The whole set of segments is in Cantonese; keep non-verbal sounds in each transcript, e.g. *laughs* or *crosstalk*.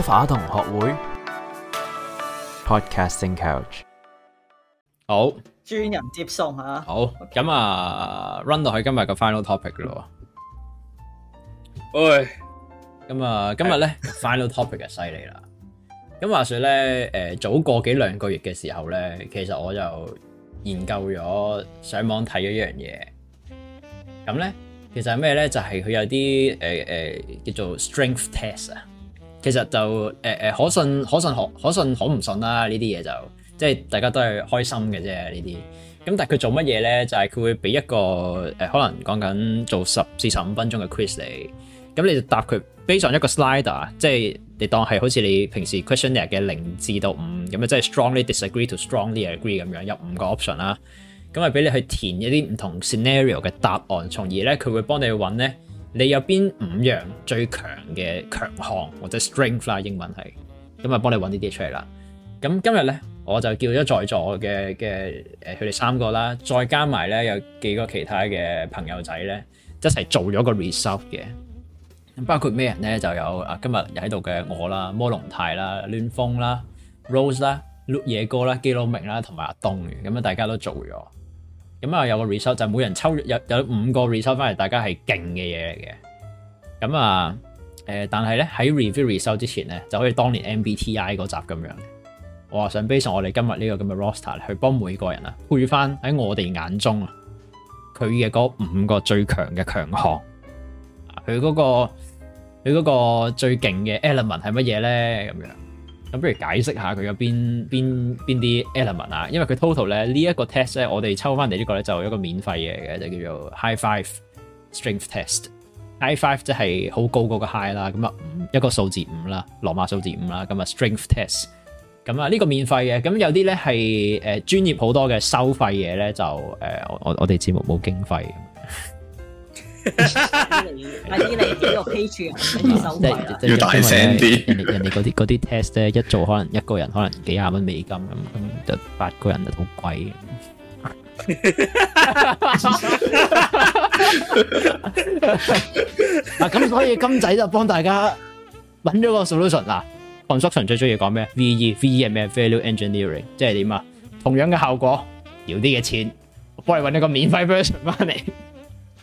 s、啊、o 同學會 podcasting couch 好專人接送吓、啊、好咁、okay。啊 run 到佢今日個 final topic 咯，喂咁啊今日咧 final topic 就犀利啦。咁話說咧誒、呃、早過幾兩個月嘅時候咧其實我就研究咗上網睇咗一樣嘢。咁咧其實係咩咧就係、是、佢有啲誒誒叫做 strength test 啊。其實就誒誒、呃呃、可信可信可可信可唔信啦呢啲嘢就即係大家都係開心嘅啫呢啲。咁但係佢做乜嘢咧？就係、是、佢會俾一個、呃、可能講緊做十至十五分鐘嘅 quiz 你。咁你就答佢，based on 一個 slider，即係你當係好似你平時 questionnaire 嘅零至到五咁樣，即係 strongly disagree to strongly agree 咁樣，有五個 option 啦。咁啊俾你去填一啲唔同 scenario 嘅答案，從而咧佢會幫你去揾咧。你有邊五樣最強嘅強項或者 strength 啦？英文係咁啊，就幫你揾啲啲出嚟啦。咁今日咧，我就叫咗在座嘅嘅誒佢哋三個啦，再加埋咧有幾個其他嘅朋友仔咧，一齊做咗個 result 嘅。咁包括咩人咧？就有啊，今日喺度嘅我啦、摩隆泰啦、暖風啦、Rose 啦、Luc 野哥啦、基佬明啦，同埋阿東咁啊，大家都做咗。咁啊，有個 result 就係，每人抽有有五個 result 翻嚟，大家係勁嘅嘢嚟嘅。咁啊，誒、呃，但係咧喺 review result 之前咧，就好似當年 MBTI 嗰集咁樣，我話想 base 我哋今日呢、呢個咁嘅、呢個、roster 去幫每個人啊，配翻喺我哋眼中啊，佢嘅嗰五個最強嘅強項，佢嗰、嗰個佢嗰個最勁嘅 element 係乜嘢咧？咁樣。咁不如解釋下佢有邊邊邊啲 element 啊？因為佢 total 咧呢一、這個 test 咧，我哋抽翻嚟呢個咧就是、一個免費嘢嘅，就叫做 High Five Strength Test。High Five 即係好高個個 high 啦，咁啊一個數字五啦，羅馬數字五啦，咁啊 Strength Test。咁啊呢個免費嘅，咁有啲咧係誒專業好多嘅收費嘢咧，就誒、呃、我我哋節目冇經費。 *laughs* 依 *laughs* 你依個 payroll 收要大聲啲。人哋嗰啲啲 test 咧，一做可能一個人可能幾廿蚊美金咁，咁就八個人就好貴。嗱，咁所以金仔就幫大家揾咗個 solution。啦。Construction 最中意講咩？VE，VE 係咩？Value engineering，即係點啊？同樣嘅效果，搖啲嘅錢，我幫你揾一個免費 version 翻嚟。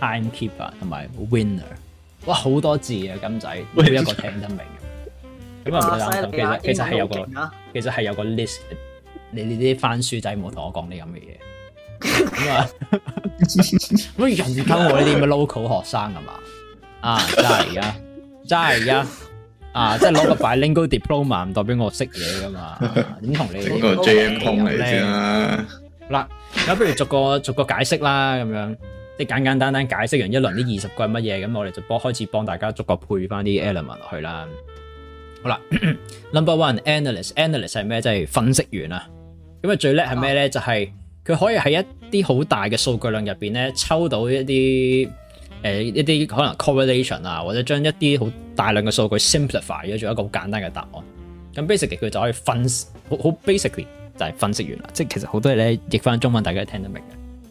Timekeeper 同埋 winner，哇，好多字啊金仔，都一個聽得明。咁啊唔好諗啦，其實其實係有個、啊、其實係有個 list。你你啲翻書仔唔好同我講啲咁嘅嘢。咁 *laughs* 啊，乜 *laughs* 人教我呢啲乜 local 學生啊嘛？ *laughs* 啊，真係而家，真係而家。啊，即係攞個 bilingual diploma 唔代表我識嘢㗎嘛？點同你這呢個 junk 嚟㗎？嗱，咁不如逐個逐個解釋啦，咁樣。即係簡簡單單解釋完一輪呢二十個係乜嘢，咁我哋就幫開始幫大家逐個配翻啲 element 落去啦。好啦 *coughs* ，number one analyst，analyst 係咩？即係分析員啊。咁啊最叻係咩咧？Oh. 就係佢可以喺一啲好大嘅數據量入邊咧，抽到一啲、呃、一啲可能 correlation 啊，或者將一啲好大量嘅數據 simplify 咗做一個好簡單嘅答案。咁 basically 佢就可以分析，好好 basically 就係分析員啦。 *coughs* 即係其實好多嘢咧譯翻中文，大家都聽得明嘅。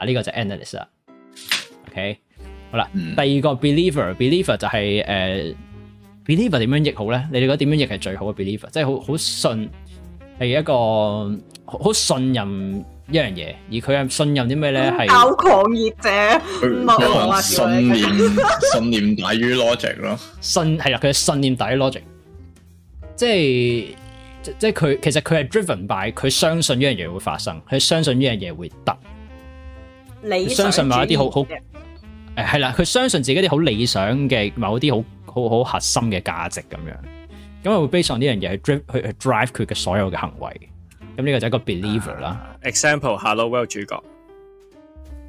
啊！呢個就係 analyst 啦，OK，好啦、嗯。第二個 believer，believer believer 就係、是、誒、呃、，believer 點樣譯好咧？你哋覺得點樣譯係最好嘅 believer？即係好好信，係一個好信任一樣嘢。而佢係信任啲咩咧？係教狂熱者，我話信念，他他信念大 *laughs* 於 logic 咯。信係啦，佢嘅信念大於 logic，即係即係佢其實佢係 driven by 佢相信呢樣嘢會發生，佢相信呢樣嘢會得。相信某一啲好好誒係啦，佢相信自己一啲好理想嘅某啲好好好核心嘅價值咁樣，咁啊會 base on 呢樣嘢去 drive 去 drive 佢嘅所有嘅行為，咁呢個就係一個 believer 啦。Uh, Example，hello，world，主角。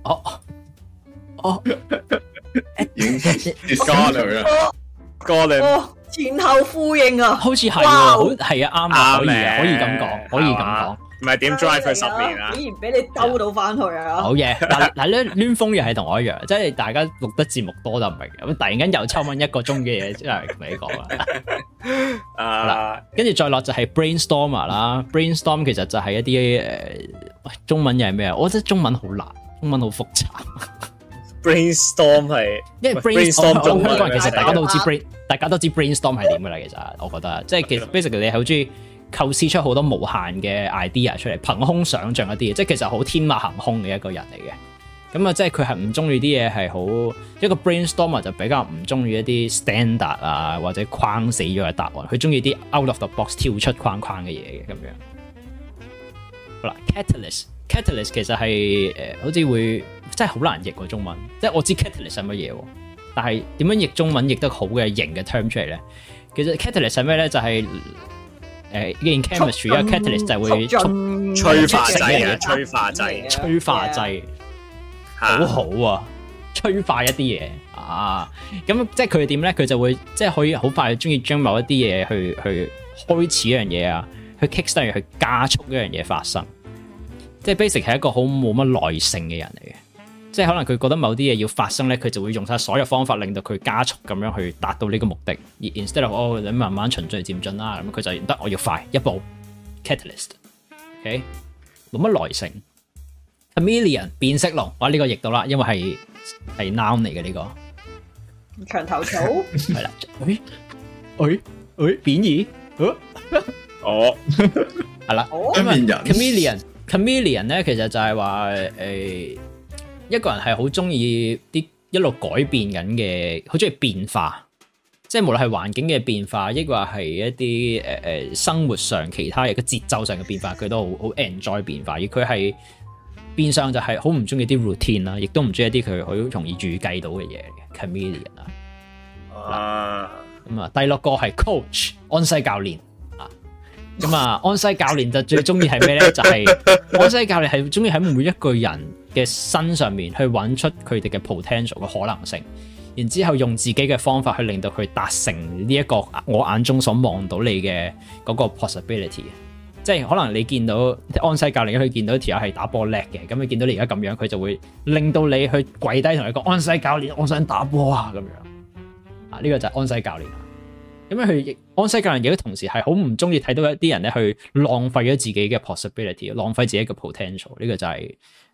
哦哦，影出嚟，過嚟啦，過嚟，前後呼應啊，好似係，係、oh, 啊，啱啱，oh, 可以，right，可以咁講，right，可以咁講。Right 唔係點 drive 佢十年啊！竟然俾你兜到翻去啊！ *laughs* 好嘢！嗱嗱，呢啲亂風嘢係同我一樣，即係大家錄得節目多就唔明。咁突然間又抽翻一個鐘嘅嘢，即係同你講啦。嗱、uh,，跟住再落就係 brainstorm 啦、uh,。brainstorm 其實就係一啲誒、呃，中文又係咩啊？我覺得中文好難，中文好複雜。brainstorm 係， *laughs* 因為 brainstorm 香港人其實大家都知 brain，、uh, 大家都知 brainstorm 係點噶啦。Uh, 其實我覺得，即、uh, 係其實、uh, basically 你係好中意。構思出好多無限嘅 idea 出嚟，憑空想像一啲嘢，即係其實好天馬行空嘅一個人嚟嘅。咁啊，即係佢係唔中意啲嘢係好一個 brainstormer，就比較唔中意一啲 standard 啊或者框死咗嘅答案。佢中意啲 out of the box 跳出框框嘅嘢嘅咁樣。嗱，catalyst，catalyst 其實係誒、呃，好似會即係好難譯個、啊、中文。即係我知 catalyst 係乜嘢，但係點樣譯中文譯得好嘅型嘅 term 出嚟咧？其實 catalyst 係咩咧？就係、是誒、uh, in chemistry，一個 catalyst 就會促催化劑催化劑，催化劑好好啊！催化一啲嘢啊，咁、啊、即係佢點咧？佢就會即係可以好快鍾意將某一啲嘢去去開始一樣嘢啊，去 kickstart 翻入去加速一樣嘢發生。即係 basic 係一個好冇乜耐性嘅人嚟嘅。即係可能佢覺得某啲嘢要發生咧，佢就會用晒所有方法令到佢加速咁樣去達到呢個目的。而 instead of 哦，你慢慢循序漸進啦，咁佢就得我要快一步，catalyst，ok，okay? 冇乜耐性。chameleon 變色龍，我呢、這個易到啦，因為係係 n o w 嚟嘅呢個。牆頭草係啦，誒誒誒，貶、哎、義、哎哎？啊？哦、oh. *laughs* 係 *laughs* 啦、 *laughs* oh? oh?，chameleon，chameleon 咧，其實就係話誒。哎一個人係好中意，啲一路改變緊嘅，好中意變化，即係無論係環境嘅變化，抑或係一啲誒誒生活上其他嘢嘅節奏上嘅變化，佢都好好 enjoy 變化。而佢係變相就係好唔中意啲 routine 啦，亦都唔中意一啲佢好容易預計到嘅嘢嘅 comedian 啊。咁啊，第六個係 coach 安西教練啊。咁啊，安西教練就最中意係咩咧？ *laughs* 就係安西教練係中意喺每一個人。嘅身上面去揾出佢哋嘅 potential 嘅可能性，然之後用自己嘅方法去令到佢達成呢一個我眼中所望到你嘅嗰個 possibility，即係可能你見到安西教練，佢見到條友係打波叻嘅，咁你見到你而家咁樣，佢就會令到你去跪低同佢講，安西教練，我想打波啊，咁樣啊，呢個就係安西教練。咁樣佢安西教練亦都同時係好唔中意睇到一啲人咧去浪費咗自己嘅 possibility，浪費自己嘅 potential，呢個就係。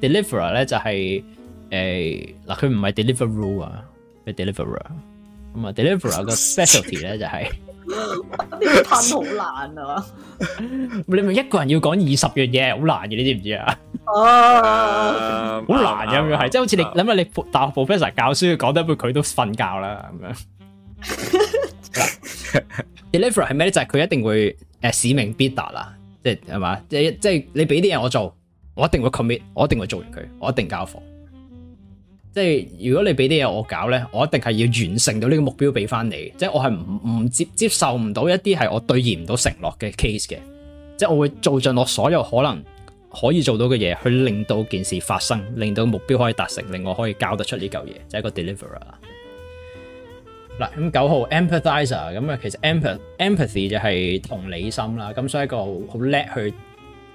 deliverer 咧就係誒嗱佢唔係 deliverer 啊、 *laughs* 就是，係 deliverer 咁啊 deliverer 個 specialty 咧就係呢個攤好難啊！你咪一個人要講二十樣嘢，好難嘅，你知唔知啊？ *laughs* uh, 難的啊就是、好難咁樣係，即係好似你諗下你大學 professor 教書講得一半，佢都瞓覺啦咁樣。 *laughs* *laughs* deliverer 係咩咧？就係、是、佢一定會誒使命必達啦，即係係嘛，即係即係你俾啲嘢我做。我一定會 commit，我一定會做完佢，我一定交貨。即係如果你俾啲嘢我搞呢，我一定係要完成到呢個目標俾翻你。即係我係唔唔接接受唔到一啲係我兌現唔到承諾嘅 case 嘅。即係我會做盡我所有可能可以做到嘅嘢，去令到件事發生，令到目標可以達成，令我可以交得出呢嚿嘢，就係一個 deliverer 啦。嗱，咁九號 empathizer 咁啊，其實 empath empathy 就係同理心啦。咁所以一個好叻去。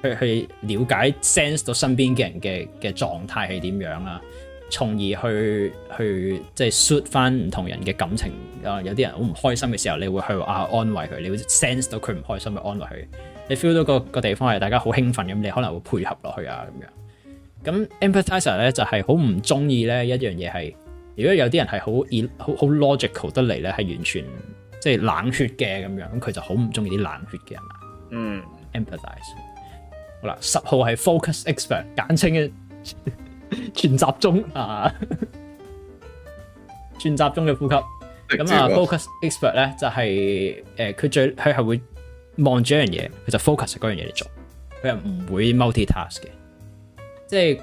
去去了解 sense 到身邊嘅人嘅嘅狀態係點樣啦，從而去去即係 shoot 翻唔同人嘅感情啊。有啲人好唔開心嘅時候，你會去啊安慰佢，你會 sense 到佢唔開心去安慰佢。你 feel 到個個地方係大家好興奮咁，你可能會配合落去啊咁樣。咁 empathizer 咧就係好唔中意咧一樣嘢係，如果有啲人係好好 logical 得嚟咧，係完全即係冷血嘅咁樣，咁佢就好唔中意啲冷血嘅人啦。嗯 empathise 嗱，十號係 focus expert，簡稱嘅全，全集中啊，全集中嘅呼吸。咁啊，focus expert 咧就係、是、誒，佢、呃、最佢係會望住一樣嘢，佢就 focus 嗰樣嘢嚟做，佢唔會 multi task 嘅。即係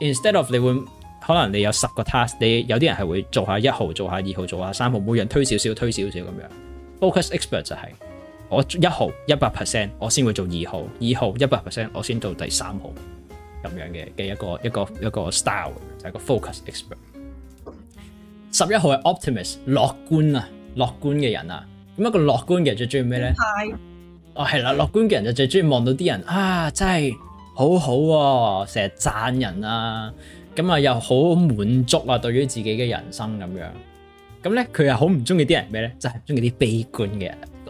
instead of 你會可能你有十個 task，你有啲人係會做一下一號，做一下二號，做下三號，每人推少少，推少少咁樣、嗯。focus expert 就係、是。我一號一百 percent，我先會做二號，二號一百 percent，我先做第三號咁樣嘅嘅一個一個一個 style 就係個 focus expert。十一號係 optimist，樂觀啊，樂觀嘅人啊，咁一個樂觀嘅人最中意咩咧？係哦，係啦，樂觀嘅人就最中意望到啲人啊，真係好好，成日讚人啊，咁啊又好滿足啊，對於自己嘅人生咁樣。咁咧佢又好唔中意啲人咩咧？就係中意啲悲觀嘅人。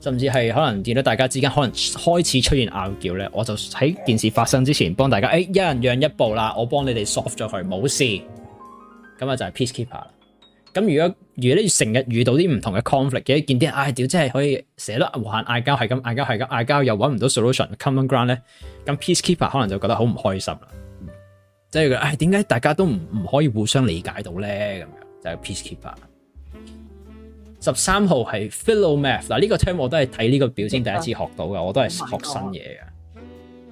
甚至係可能見到大家之間可能開始出現拗撬咧，我就喺件事發生之前幫大家，誒、哎、一人讓一步啦，我幫你哋 soft 咗佢，冇事。咁啊就係 peacekeeper 啦。咁如果如果你成日遇到啲唔同嘅 conflict 嘅，見啲人，唉屌真係可以成日都無限嗌交，係咁嗌交，係咁嗌交，又搵唔到 solution common ground 咧，咁 peacekeeper 可能就覺得好唔開心啦。即係唉，點解大家都唔唔可以互相理解到咧？咁樣就係、peacekeeper。十三號係 Philomath 嗱，呢個 term 我都係睇呢個表先，第一次學到嘅，我都係學新嘢嘅。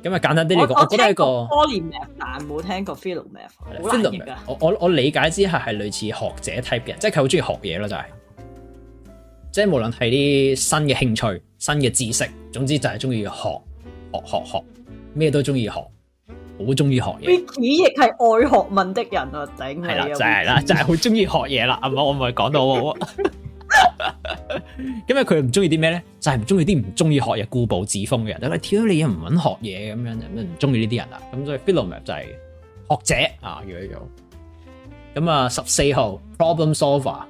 咁、oh、啊，簡單啲嚟講，我覺得是一個多年 math 但冇聽過 Philomath，我我我理解之下係類似學者 type 嘅人，即係佢好中意學嘢咯，就係、是、即係無論係啲新嘅興趣、新嘅知識，總之就係中意學學學學，咩都中意學，好中意學嘢。佢亦係愛學問的人啊，頂係啦，就係、是、啦，就係好中意學嘢啦。啊 *laughs* 唔我唔係講到我。 *laughs* 咁啊，佢唔中意啲咩咧？就係唔中意啲唔中意學嘢、固步自封嘅人，就是、跳你係挑你唔揾學嘢咁樣，唔中意呢啲人啦。咁所以 philomath 就係學者啊，叫一叫。咁啊，十四號 problem solver，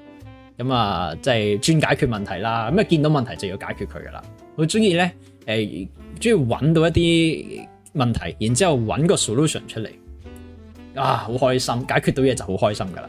咁啊，即係專解決問題啦。咁啊，見到問題就要解決佢噶啦。好中意咧，誒、欸，中意揾到一啲問題，然之後揾個 solution 出嚟。啊，好開心，解決到嘢就好開心噶啦。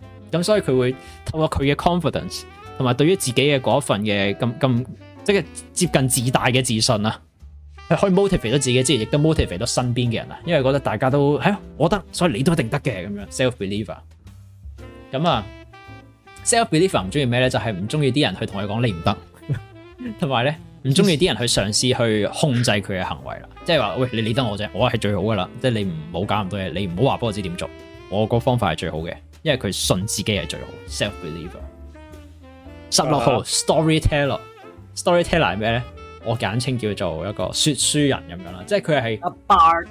咁所以佢會透過佢嘅 confidence，同埋對於自己嘅嗰一份嘅咁咁即係接近自大嘅自信啦，係可以 motivate 咗自，自己，即係亦都 motivate 咗身邊嘅人啊！因為覺得大家都係，哎，我得，所以你都一定得嘅咁樣 self believer。咁啊，self believer 唔中意咩咧？就係唔中意啲人去同佢講你唔得，同埋咧唔中意啲人去嘗試去控制佢嘅行為啦。即係話喂，你理得我啫，我係最好噶啦！即係你唔好搞咁多嘢，你唔好話俾我知點做，我個方法係最好嘅。因為佢信自己係最好，self believer。十六號 storyteller，storyteller 係咩咧？我簡稱叫做一個說書人咁樣啦，即係佢係。A bar、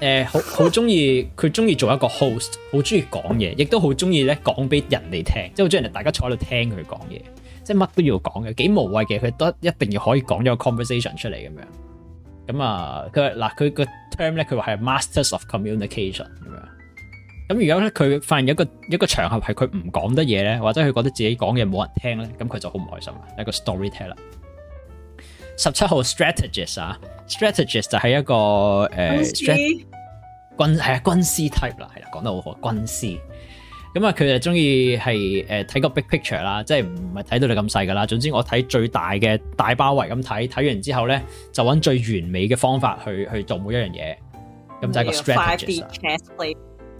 呃。誒，好好中意，佢中意做一個 host，好中意講嘢，亦都好中意咧講俾人哋聽，即係好中意人哋大家坐喺度聽佢講嘢，即係乜都要講嘅，幾無謂嘅，佢都一定要可以講咗個 conversation 出嚟咁樣。咁啊，佢嗱佢個 term 咧，佢話係 masters of communication 咁樣。咁而家咧，佢發現一個一個場合係佢唔講得嘢咧，或者佢覺得自己講嘢冇人聽咧，咁佢就好唔開心啦。一個 storyteller，十七號 strategist 啊，strategist 就係一個誒、呃、軍係 Strat... 啊軍師 type 啦，係啦，講得好好軍師。咁啊，佢就中意係誒睇個 big picture 啦、啊，即係唔係睇到你咁細噶啦。總之我睇最大嘅大包圍咁睇，睇完之後咧就揾最完美嘅方法去去做每一樣嘢。咁就係個 strategist。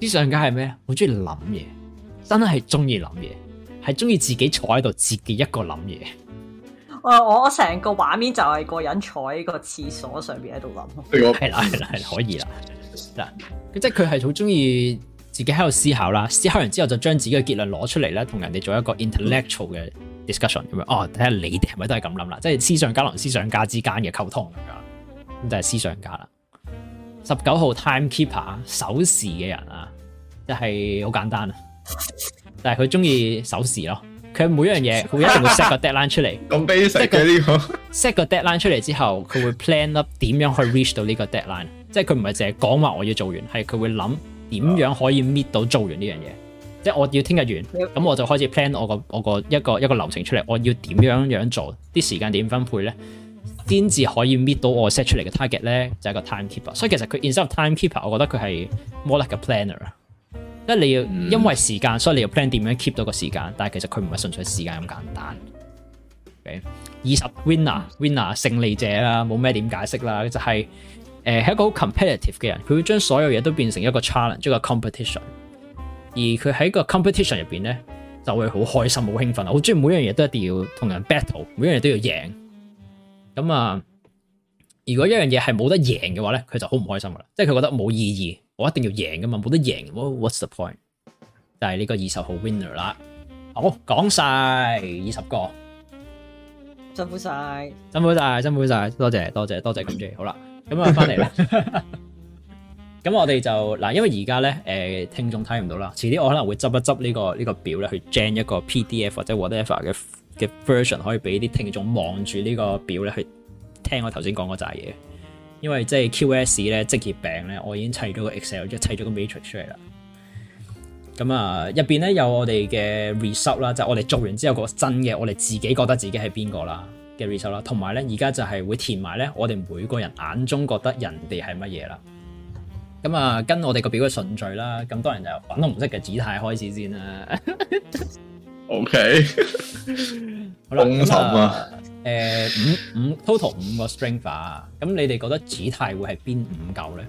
思想家係咩？好中意諗嘢，真係中意諗嘢，係中意自己坐喺度自己一個諗嘢。我我成個畫面就係個人坐喺個廁所上邊喺度諗。係啦，係 *laughs* 啦，係可以啦。嗱，咁即係佢係好中意自己喺度思考啦，思考完之後就將自己嘅結論攞出嚟咧，同人哋做一個 intellectual 嘅 discussion 咁樣。哦，睇下你哋係咪都係咁諗啦？即係思想家同思想家之間嘅溝通咁樣。咁就係思想家啦。十九號 Timekeeper 守時嘅人啊，就係、是、好簡單啊。但係佢中意守時咯，佢每一樣嘢佢一定會 set 個 deadline 出嚟。咁 basic 嘅呢個 set 個， *laughs* 個 deadline 出嚟之後，佢會 plan up 點樣去 reach 到呢個 deadline。即係佢唔係淨係講話我要做完，係佢會諗點樣可以 meet 到做完呢樣嘢。即係我要聽日完，咁我就開始 plan 我個我個一個一個，一個流程出嚟。我要點樣樣做？啲時間點分配咧？先至可以搣到我 set 出嚟嘅 target 咧，就係、是、個 timekeeper。所以其實佢 instead of timekeeper，我覺得佢係 more like a planner。因為你要、嗯、因為時間，所以你要 plan 點樣 keep 到個時間。但係其實佢唔係純粹時間咁簡單。二、okay? 十 winner，winner 勝利者啦，冇咩點解釋啦，就係誒係一個好 competitive 嘅人。佢會將所有嘢都變成一個 challenge，一個 competition。而佢喺個 competition 入邊咧，就會好開心、好興奮，好中意每樣嘢都一定要同人 battle，每樣嘢都要贏。咁啊，如果一樣嘢係冇得贏嘅話咧，佢就好唔開心噶啦，即係佢覺得冇意義，我一定要贏噶嘛，冇得贏，What's the point？就係呢個二十號 winner 啦。好、哦，講晒二十個，辛苦晒，辛苦晒，辛苦晒，多謝，多謝，多謝感謝。好啦，咁啊，翻嚟啦。咁我哋就嗱，因為而家咧，誒、呃，聽眾睇唔到啦，遲啲我可能會執一執呢、呢個呢、呢個表咧，去 generate 一個 PDF 或者 whatever 嘅。嘅 version 可以俾啲聽眾望住呢個表咧，去聽我頭先講嗰扎嘢，因為即係 QS 咧，職業病咧，我已經砌咗個 Excel，即係砌咗個 matrix 出嚟啦。咁啊，入邊咧有我哋嘅 result 啦，就係我哋做完之後個真嘅，我哋自己覺得自己係邊個啦嘅 result 啦，同埋咧而家就係會填埋咧，我哋每個人眼中覺得人哋係乜嘢啦。咁啊，跟我哋個表嘅順序啦，咁當然就粉紅色嘅姿態開始先啦。 *laughs* O、okay. K， *laughs* *laughs* 好啦五啊，誒五五 total 五個 strength，咁你哋覺得 G 太會係邊五舊咧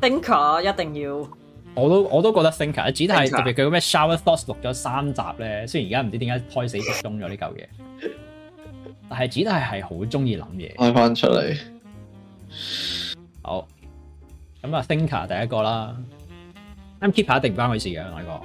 ？Thinker 一定要，我都我都覺得 thinker，G 太特別佢嗰咩 shower thoughts 錄咗三集咧，uh, 雖然而家唔知點解胎死腹中咗呢舊嘢， *laughs* 但係 G 太係好中意諗嘢，開翻出嚟。好，咁啊，thinker 第一個啦，咁 *laughs* keeper 一定唔關佢事嘅，你國。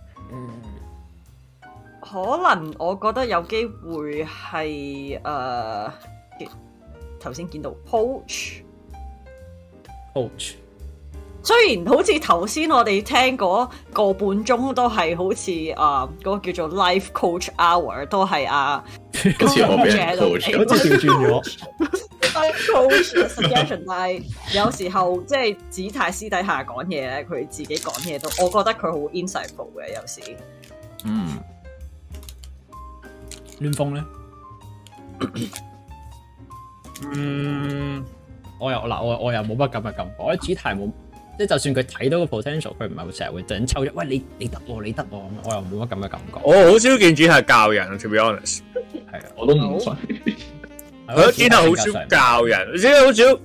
嗯，可能我覺得有機會係誒，頭先見到 coach，coach。雖然好似頭先我哋聽嗰個半鐘都係好似啊，嗰個叫做 Life Coach Hour 都係啊，今次我俾人調轉咗。shot suggestion，但係有時候即係子太私底下講嘢咧，佢自己講嘢都，我覺得佢好 insightful 嘅有時。嗯，亂鳳咧？嗯，我又嗱，我我又冇乜咁嘅感覺，我子泰冇，即係就算佢睇到個 potential，佢唔係會成日會整抽一，喂你你得喎，你得喎，我又冇乜咁嘅感覺。我好少見子泰教人，to be honest，係啊， *laughs* 我都唔 *laughs* 我見得好少教人，知道好少，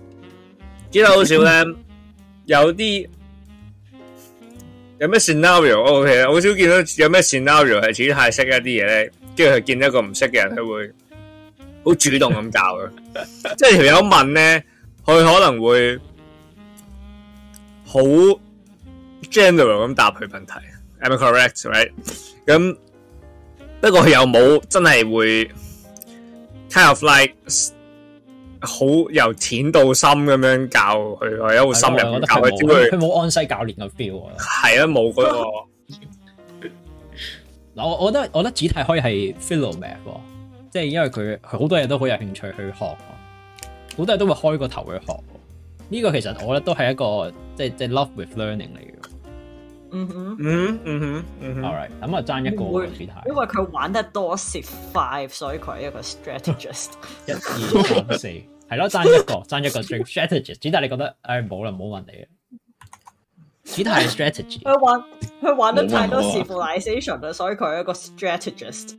知得好少咧。 *laughs* 有啲有咩 scenario，O、okay, K 啦，好少見到有咩 scenario 係自己太識一啲嘢咧，跟住佢見到一個唔識嘅人，佢會好主動咁教佢 *laughs* 即係條友問咧，佢可能會好 general 咁答佢問題。Am *laughs* I correct？Right？咁不過又冇真係會。係 kind of like 好由淺到深咁樣教佢，係一個深入教佢。佢冇安西教練嘅 feel 啊！係啊，冇個。嗱，我我覺得，我覺得主題可以係 philomath，即係因為佢好多嘢都好有興趣去學，好多人都會開個頭去學。呢個其實我覺得都係一個即係即係 love with learning 嚟嘅。嗯哼，嗯嗯哼，嗯哼，Alright，咁我爭一個。因為佢玩得多蝕快，所以佢係一個 strategist。一二三四，係咯，爭一個，爭一個 strategist。子泰你覺得？哎，冇啦，冇問你啦。子泰係 strategy。佢玩，佢玩得太多 civilization 啦，所以佢係一個 strategist。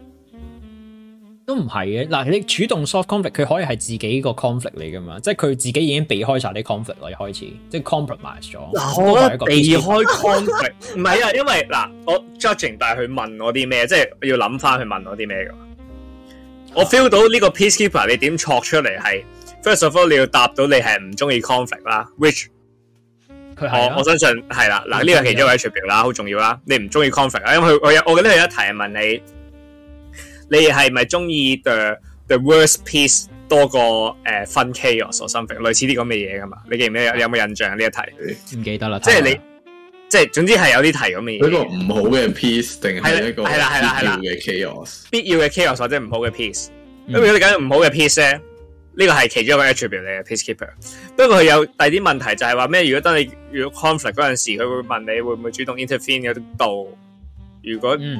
都唔係嘅，嗱你主動 soft conflict，佢可以係自己個 conflict 嚟噶嘛？即係佢自己已經避開晒啲 conflict 嚟開始，即係 compromise 咗。我避開 conflict，唔 *laughs* 係啊，因為嗱我 judging，但係佢問我啲咩，即係要諗翻佢問我啲咩噶。我 feel 到呢個 peacekeeper 你點錯出嚟？係 First of all 你要答到你係唔中意 conflict 啦，which、啊、我我相信係、啊、啦，嗱呢、啊這個其中一條啦，好重要啦、啊。你唔中意 conflict 啊？因為佢我有我你佢一提問你。你係咪中意 the the worst piece 多過誒、uh, fun chaos 心福，類似啲咁嘅嘢噶嘛？你記唔記得有冇印象呢、嗯、一題？唔記得啦。即係你即係總之係有啲題咁嘅嘢。一個唔好嘅 peace 定係一個必要嘅 chaos？必要嘅 chaos 或者唔好嘅 peace。咁、嗯、如果你揀唔好嘅 peace 咧，呢、這個係其中一個 attribute 嚟嘅 peacekeeper。不過佢有第二啲問題就係話咩？如果當你遇到 conflict 嗰陣時，佢會問你會唔會主動 intervene 嗰啲度？如果嗯。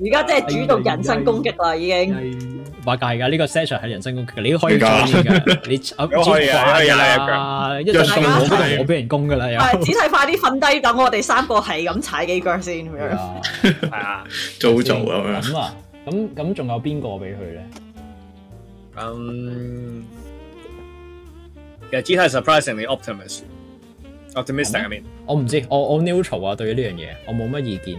而家真係主動人身攻擊啦、哎哎，已經，話架噶呢個 session 係人身攻擊，你都可以講嘅、啊，你我轉快啦，一順、啊、我俾、啊、人攻噶啦，只係快啲瞓低，等我哋三個係咁踩幾腳先咁、哎啊、樣，係啊，做做咁啊，咁咁仲有邊個俾佢咧？嗯，其實只係 surprisingly optimistic，optimistic，I mean. 我唔知，我我 neutral 啊對於呢樣嘢，我冇乜意見。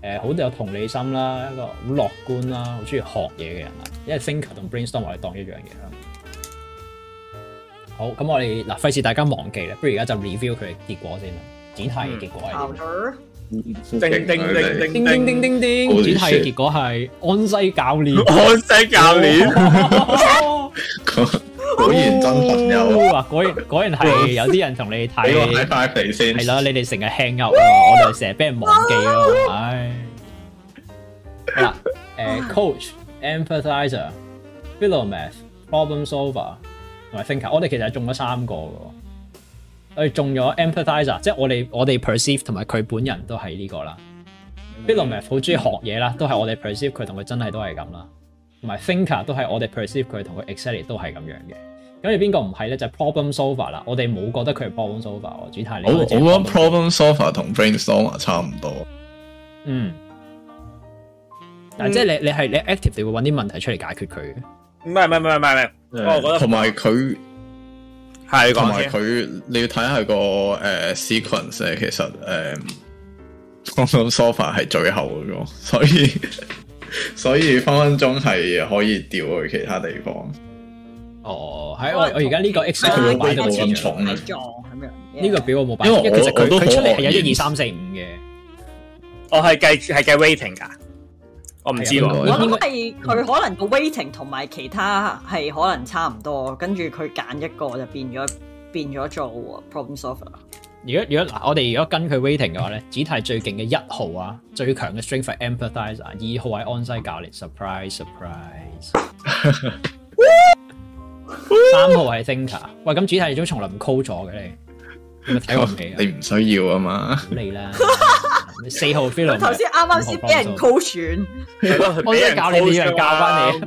誒、呃、好有同理心啦，一個好樂觀啦，好中意學嘢嘅人啦，因為 thinker 同 brainstorm 我哋當一樣嘢啦。好，咁我哋嗱，費事大家忘記咧，不如而家就 review 佢嘅結果先啦。展開嘅結果係，叮叮叮叮叮叮叮叮，嘅結果係安西教練。安西教練。哦 *laughs* 果然真朋友啊！果然果然係有啲人同你睇，係啦，你哋成日 hang out 㗎嘛，我哋成日俾人忘記咯，唉。嗱，誒，Coach，Empathizer，Philomath，Problem Solver 同埋 Thinker，我哋其實係中咗三個嘅，我哋中咗 Empathizer，即係我哋我哋 perceive 同埋佢本人都係呢個啦。Philomath 好中意學嘢啦，都係我哋 perceive 佢同佢真係都係咁啦。同埋 Thinker 都係我哋 perceive 佢同佢 excellent 都係咁樣嘅。咁係邊個唔係咧？就係，problem solver 啦，我哋冇覺得佢係 problem solver，主題你嘅。我我諗 problem solver 同 brainstormer 差唔多。嗯，嗱、嗯，但即係你你係你 active，你會揾啲問題出嚟解決佢。唔係唔係唔係唔係，我覺得同埋佢係同埋佢，你要睇下、個誒、uh, sequence，其實誒、um,，problem solver 係最後嗰個，所以 *laughs* 所以分分鐘係可以調去其他地方。哦，喺我我而家呢個 X 版就前重啦，呢個表我冇擺，因為其實佢佢出嚟係有一二三四五嘅。我係計係計 rating 㗎，我唔知喎。我諗係佢可能個 rating 同埋其他係可能差唔多，跟住佢揀一個就變咗變咗做 problem solver。如果如果嗱，我哋如果跟佢 rating 嘅話咧，只提最勁嘅一號啊，最強嘅 strength for empathizer 啊，二號係安西教練，surprise surprise。三號係 thinker，喂，咁主題組從來唔 call 咗嘅你，你咪睇我皮，你唔需要啊嘛，你啦，四 *laughs* 號 feel，我頭先啱啱先俾人 call 我真人 call，你俾人教翻你，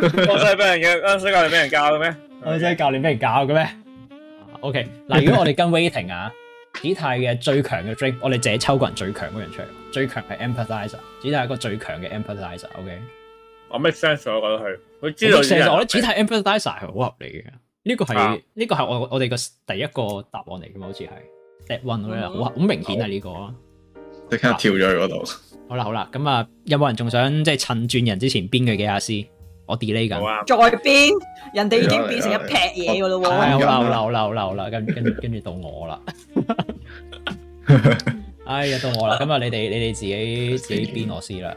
我真係俾人嘅、啊， *laughs* 我真係教你俾人教嘅咩？ *laughs* 我真係教你俾人教嘅咩 *laughs* *laughs* ？OK，嗱，如果我哋跟 waiting 啊，主題嘅最強嘅 drink，我哋自己抽個人最強嗰人出嚟，最強係 empathizer，主題係一個最強嘅 empathizer，OK 我 make sense，我覺得係佢知道。 *music* 我覺得主題 emphasiser 係好合理嘅，呢、 *music* 這個係呢、啊這個係我我哋嘅第一個答案嚟嘅嘛，好似係。That、one 好、嗯、明顯啊呢、嗯這個。即刻跳咗去嗰度。好啦好啦，咁啊有冇人仲想即係趁轉人之前編佢幾下詩？我 delay 緊。再編、啊，人哋已經變成一劈嘢嘅咯喎。好啦、啊、好啦好啦好啦， *laughs* 跟住跟住跟住到我啦。 *laughs* *laughs* 哎呀，到我啦！咁 *laughs* 啊，你哋你哋自己 *laughs* 自己編我詩啦。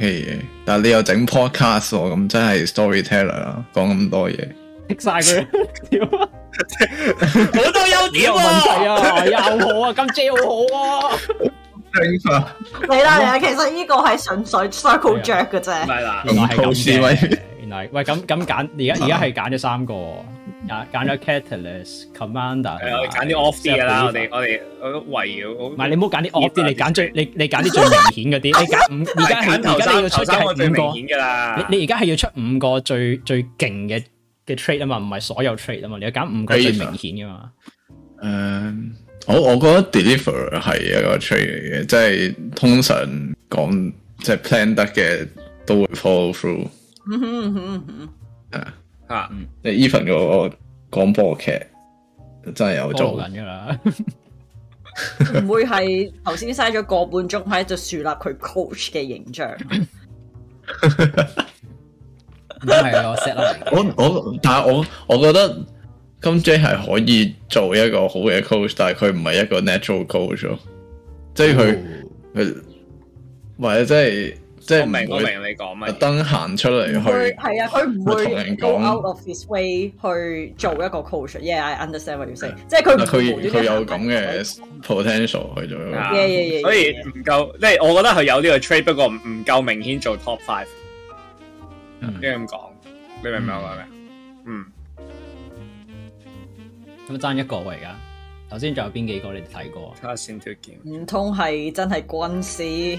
嘅，但係你又整 podcast 喎，咁真係 storyteller 啦，講咁多嘢，剔晒佢，好多優點啊，又好啊，咁 J 好好啊，好正啊。嚟啦嚟啦，其實呢個係純粹 circle jerk 嘅啫，唔係啦，原來係咁嘅，思原來喂咁咁揀，而家而家係揀咗三個。啊！揀咗 Catalyst、嗯、Commander，係、嗯、啊，揀啲 off 啲嘅啦。我哋我哋我圍繞，唔係你唔好揀啲 off 啲，你揀最 *laughs* 你最你揀啲最明顯嗰啲。 *laughs* 你揀五而家係而家要出五個明顯嘅啦。你你而家係要出五個最最勁嘅嘅 trait 啊嘛，唔係所有 trait 啊嘛。你要揀五個最明顯嘅嘛。誒、 *laughs* uh，我我覺得 deliver 係一個 trait 嚟嘅，即、就、係、是、通常講即係 plan 得嘅都會 follow through。 *laughs* uh. .啊！即係 Even 嗰個廣播劇真係有做緊噶啦，唔 *laughs* 會係頭先嘥咗個半鐘喺度樹立佢 Coach 嘅形象。係 *laughs* 啊是的， *laughs* 我 set 啦。我我但係我我覺得金 Jay 係可以做一個好嘅 Coach，但係佢唔係一個 natural Coach 咯，即係佢佢唔係即係。即係明我明，白我明白你講咩，特登行出嚟去，係啊，佢唔會同人講 out of his way 去做一個 coach。Yeah, I understand what you say。即係佢佢有咁嘅 potential 去做，一個所去做一個對對。所以唔夠，即係我覺得佢有呢個 trade，不過唔夠明顯做 top five。即係咁講，你明唔明我講咩？嗯，咁、嗯、爭一個位而家。頭先仲有邊幾個你睇過？睇下先，條劍唔通係真係軍師。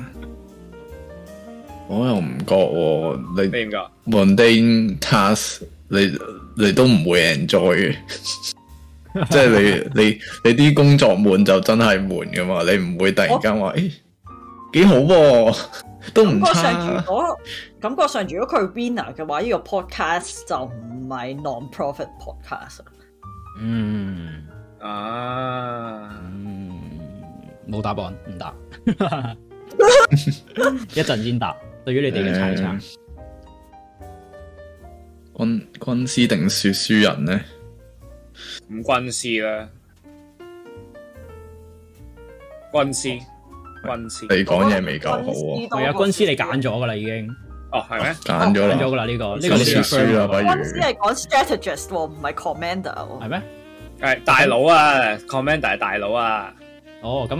我、哦、又唔覺喎、哦，你，你 mundane task 你你都唔會 enjoy 嘅，即 *laughs* 係你你你啲工作悶就真係悶噶嘛，你唔會突然間話，誒、okay. 幾、哎、好喎、啊，都唔差、啊。感覺上如果感覺上如果佢 winner 嘅話，呢、這個 podcast 就唔係 nonprofit podcast。嗯啊，冇、嗯、答案唔答，一陣先答。對於你哋嘅財產，軍軍師定說書人呢？唔，軍師啦，軍師，軍師，你講嘢未夠好啊！係啊，軍師你揀咗噶啦，已經了了哦，係咩？揀咗啦，揀咗噶啦，呢、哦這個呢、這個輸輸啦，反而軍師係講 strategist，唔係 commander，係咩？誒、哎，大佬啊，啊，commander，大佬啊，哦，咁。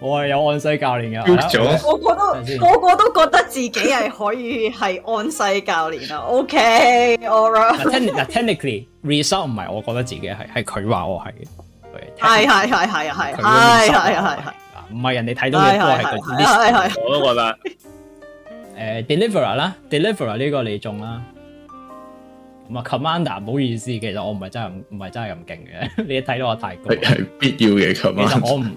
我係有安西教練嘅，個個都個個都覺得自己係可以係安西教練啊。 *laughs* OK，我啦。Technically result 唔係我覺得自己係，is, is, 係佢話我係嘅。係係係係係係係係係，唔係人哋睇到嘅。我都覺得誒、uh,，deliver 啦，deliver 呢、uh, 個你中啦。咁、uh, 啊，commander，唔、uh, 好意思，其實我唔係真係唔係真係咁勁嘅。 *laughs* 你一睇到我太高，係必要嘅。其實我唔。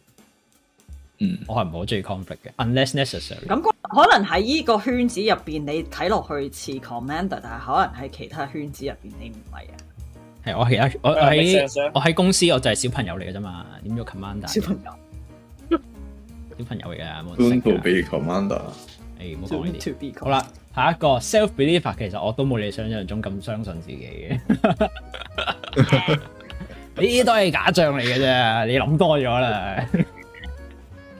Mm. 我係唔係好中意 conflict 嘅，unless necessary。咁可能喺依個圈子入邊，你睇落去似 commander，但係可能喺其他圈子入邊，你唔係啊。係我其他我喺我喺 *noise* 公司，我就係小朋友嚟嘅啫嘛，點咗 commander？ *laughs* 小朋友，小朋友嚟嘅。官僚比如 commander，哎，唔、 *noise* hey, 好講呢啲。好啦，下一個 self belief，其實我都冇你想象中咁相信自己嘅。呢 *laughs* 啲 *laughs* *laughs* 都係假象嚟嘅啫， *laughs* 你諗多咗啦。 *laughs*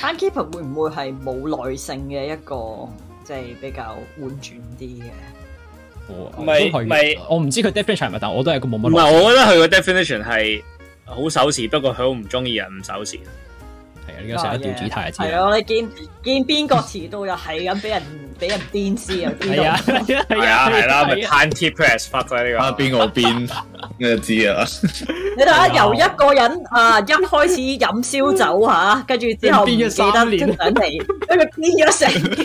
班 k e e p e r 會唔會係冇耐性嘅一個，即係比較婉轉啲嘅？唔係唔係，我唔、嗯、知佢 definition 係咪，但係我都係一個冇乜唔係，我覺得佢個 definition 係好守時，不過佢好唔中意人唔守時。係啊，依家成日調主題啊，係啊，我哋見見邊個遲到又係咁俾人俾人鞭屍啊，係啊，係啊，係啦，咪 can't keep press 發曬呢個啊。邊個鞭，你就知啊，你睇下由一個人啊，一開始飲燒酒吓，跟住之後變咗幾多年，等你，跟住鞭咗成幾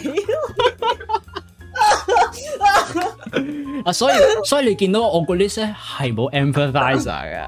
啊，所以所以你見到我嗰啲聲係冇 emphasizer 㗎。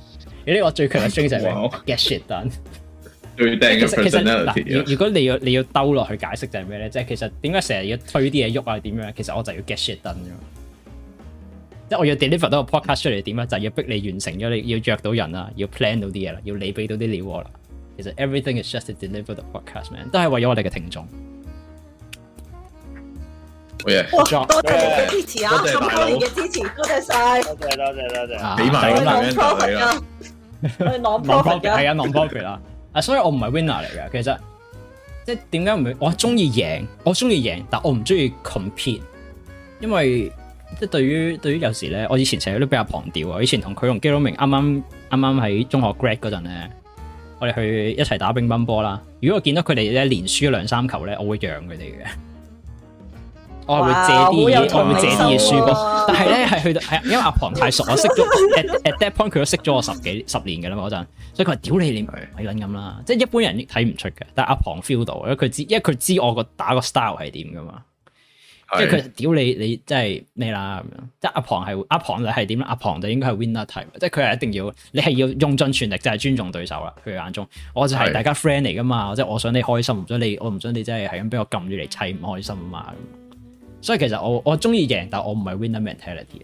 呢、這個我最強嘅 strength 就係咩？get shit done、wow. *laughs* 其。其實其實嗱，如果你要你要兜落去解釋就係咩咧？即係其實點解成日要推啲嘢喐啊？點樣？其實我就要 get shit done 啫。 *laughs* 即係我要 deliver 到個 podcast 出嚟點啊？就係、是、要逼你完成咗，你要約到人啦，要 plan 到啲嘢啦，要理俾到啲料我啦。其實 everything is just to deliver the podcast man，都係為咗我哋嘅聽眾。多謝你支持啊！咁多，多年嘅支持，多謝晒。多謝多謝多謝。俾埋咁啲人睇咯。係啊，nonprofit 啊。啊，我我 *laughs* 所以我唔係 winner 嚟嘅。其實即係點解唔？我中意贏，我中意贏，但我唔中意 compete。因為即係、就是、對於對於有時咧，我以前成日都比較旁調啊。以前同佢同基 e 明啱啱啱啱喺中學 grade 嗰陣咧，我哋去一齊打乒乓波啦。如果我見到佢哋咧連輸兩三球咧，我會讓佢哋嘅。我係會借啲嘢，我係會借啲嘢書咯、啊。但係咧係去到，係因為阿龐太熟，我識咗 *laughs* at that point 佢都識咗我十幾十年嘅啦嗰陣，所以佢話屌你你鬼卵咁啦，即係一般人睇唔出嘅。但係阿龐 feel 到，因為佢知，因為佢知我個打個 style 係點噶嘛。即係佢屌你你即係咩啦咁樣。即係阿龐係，阿龐就係點，阿龐就應該係 winner type，即係佢係一定要，你係要用盡全力就係尊重對手啦。佢眼中，我就係大家 friend 嚟噶嘛。即係我想你開心，唔想你，我唔想你真係係咁俾我撳住嚟砌唔開心啊嘛。所以其實我我中意贏，但我唔係 winner mentality。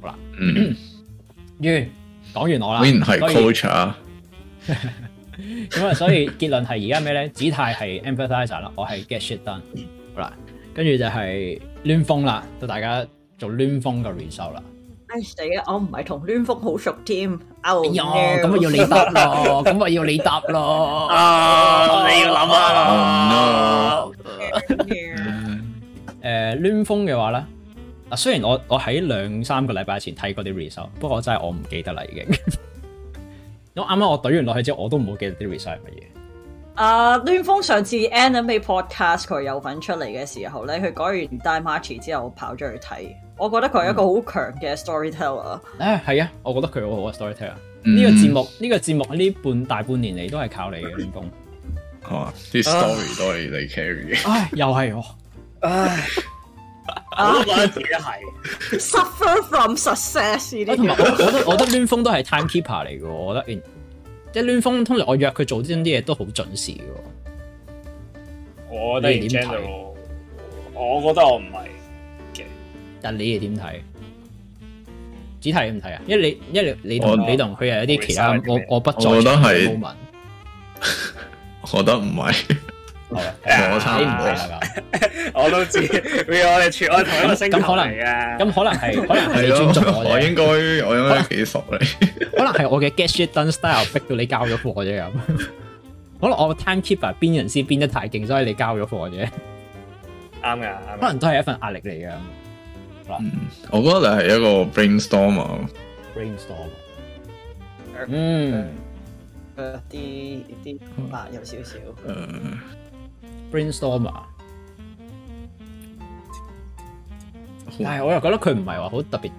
好啦，嗯，完、嗯、講完我啦。Win 係 culture。咁啊、 *laughs* 嗯，所以結論係而家咩咧？子泰係 emphasizer 啦，我係 get shit done。好啦，跟住就係攣風啦，就大家做攣風嘅 result 啦。哎死啊！我唔係同攣風好熟添。哦，咁、哎、啊、嗯、要你答咯，咁 *laughs* 咪要你答咯。 *laughs* 啊，啊！你要諗啊！啊啊啊 *laughs* 誒、呃，亂峰嘅話咧，嗱，雖然我我喺兩三個禮拜前睇過啲 research 不過真係 *laughs* 我唔記得啦已經。咁啱啱我懟完落去之後，我都唔會記得啲 research 係乜嘢。啊，亂峰上次 Anime Podcast 佢有份出嚟嘅時候咧，佢改完 Die March 之後，跑咗去睇，我覺得佢係一個好強嘅 storyteller。誒、mm.，係啊，我覺得佢好好嘅 storyteller。呢、mm. 個節目呢、這個節目呢半大半年嚟都係靠你的，嘅 *laughs* 亂峰。啊、oh, uh.，啲 story 都係你 carry 嘅。唉，又係。 *laughs* 唉，我覺得自己係 suffer from success 你同埋我，我覺得我覺得攣風都係 timekeeper 嚟嘅，我覺得，即係攣風通常我約佢做啲啲嘢都好準時嘅。我哋點睇？我覺得我唔係嘅，但係你哋點睇？只睇唔睇啊？因為你因為你你一你一你同你同佢係一啲其他，我我不的我覺得係，我覺得唔係。我差唔多啦，我都知。比 *laughs* 如我哋住喺同一個星球咁可能啊，咁可能係，可能係尊重我。我應該，我應該幾傻你。可能係 *laughs* 我嘅 get shit done style 逼到你交咗貨啫咁。可 *laughs* 能我個 timekeeper 邊人先變得太勁，所以你交咗貨啫。啱噶，可能都係一份壓力嚟嘅。我、嗯、我覺得你係一個 brainstormer，brainstormer。嗯，啲啲頭髮有少少。嗯嗯嗯 Brainstormer 但係、哎、我又覺得佢唔係話好特別，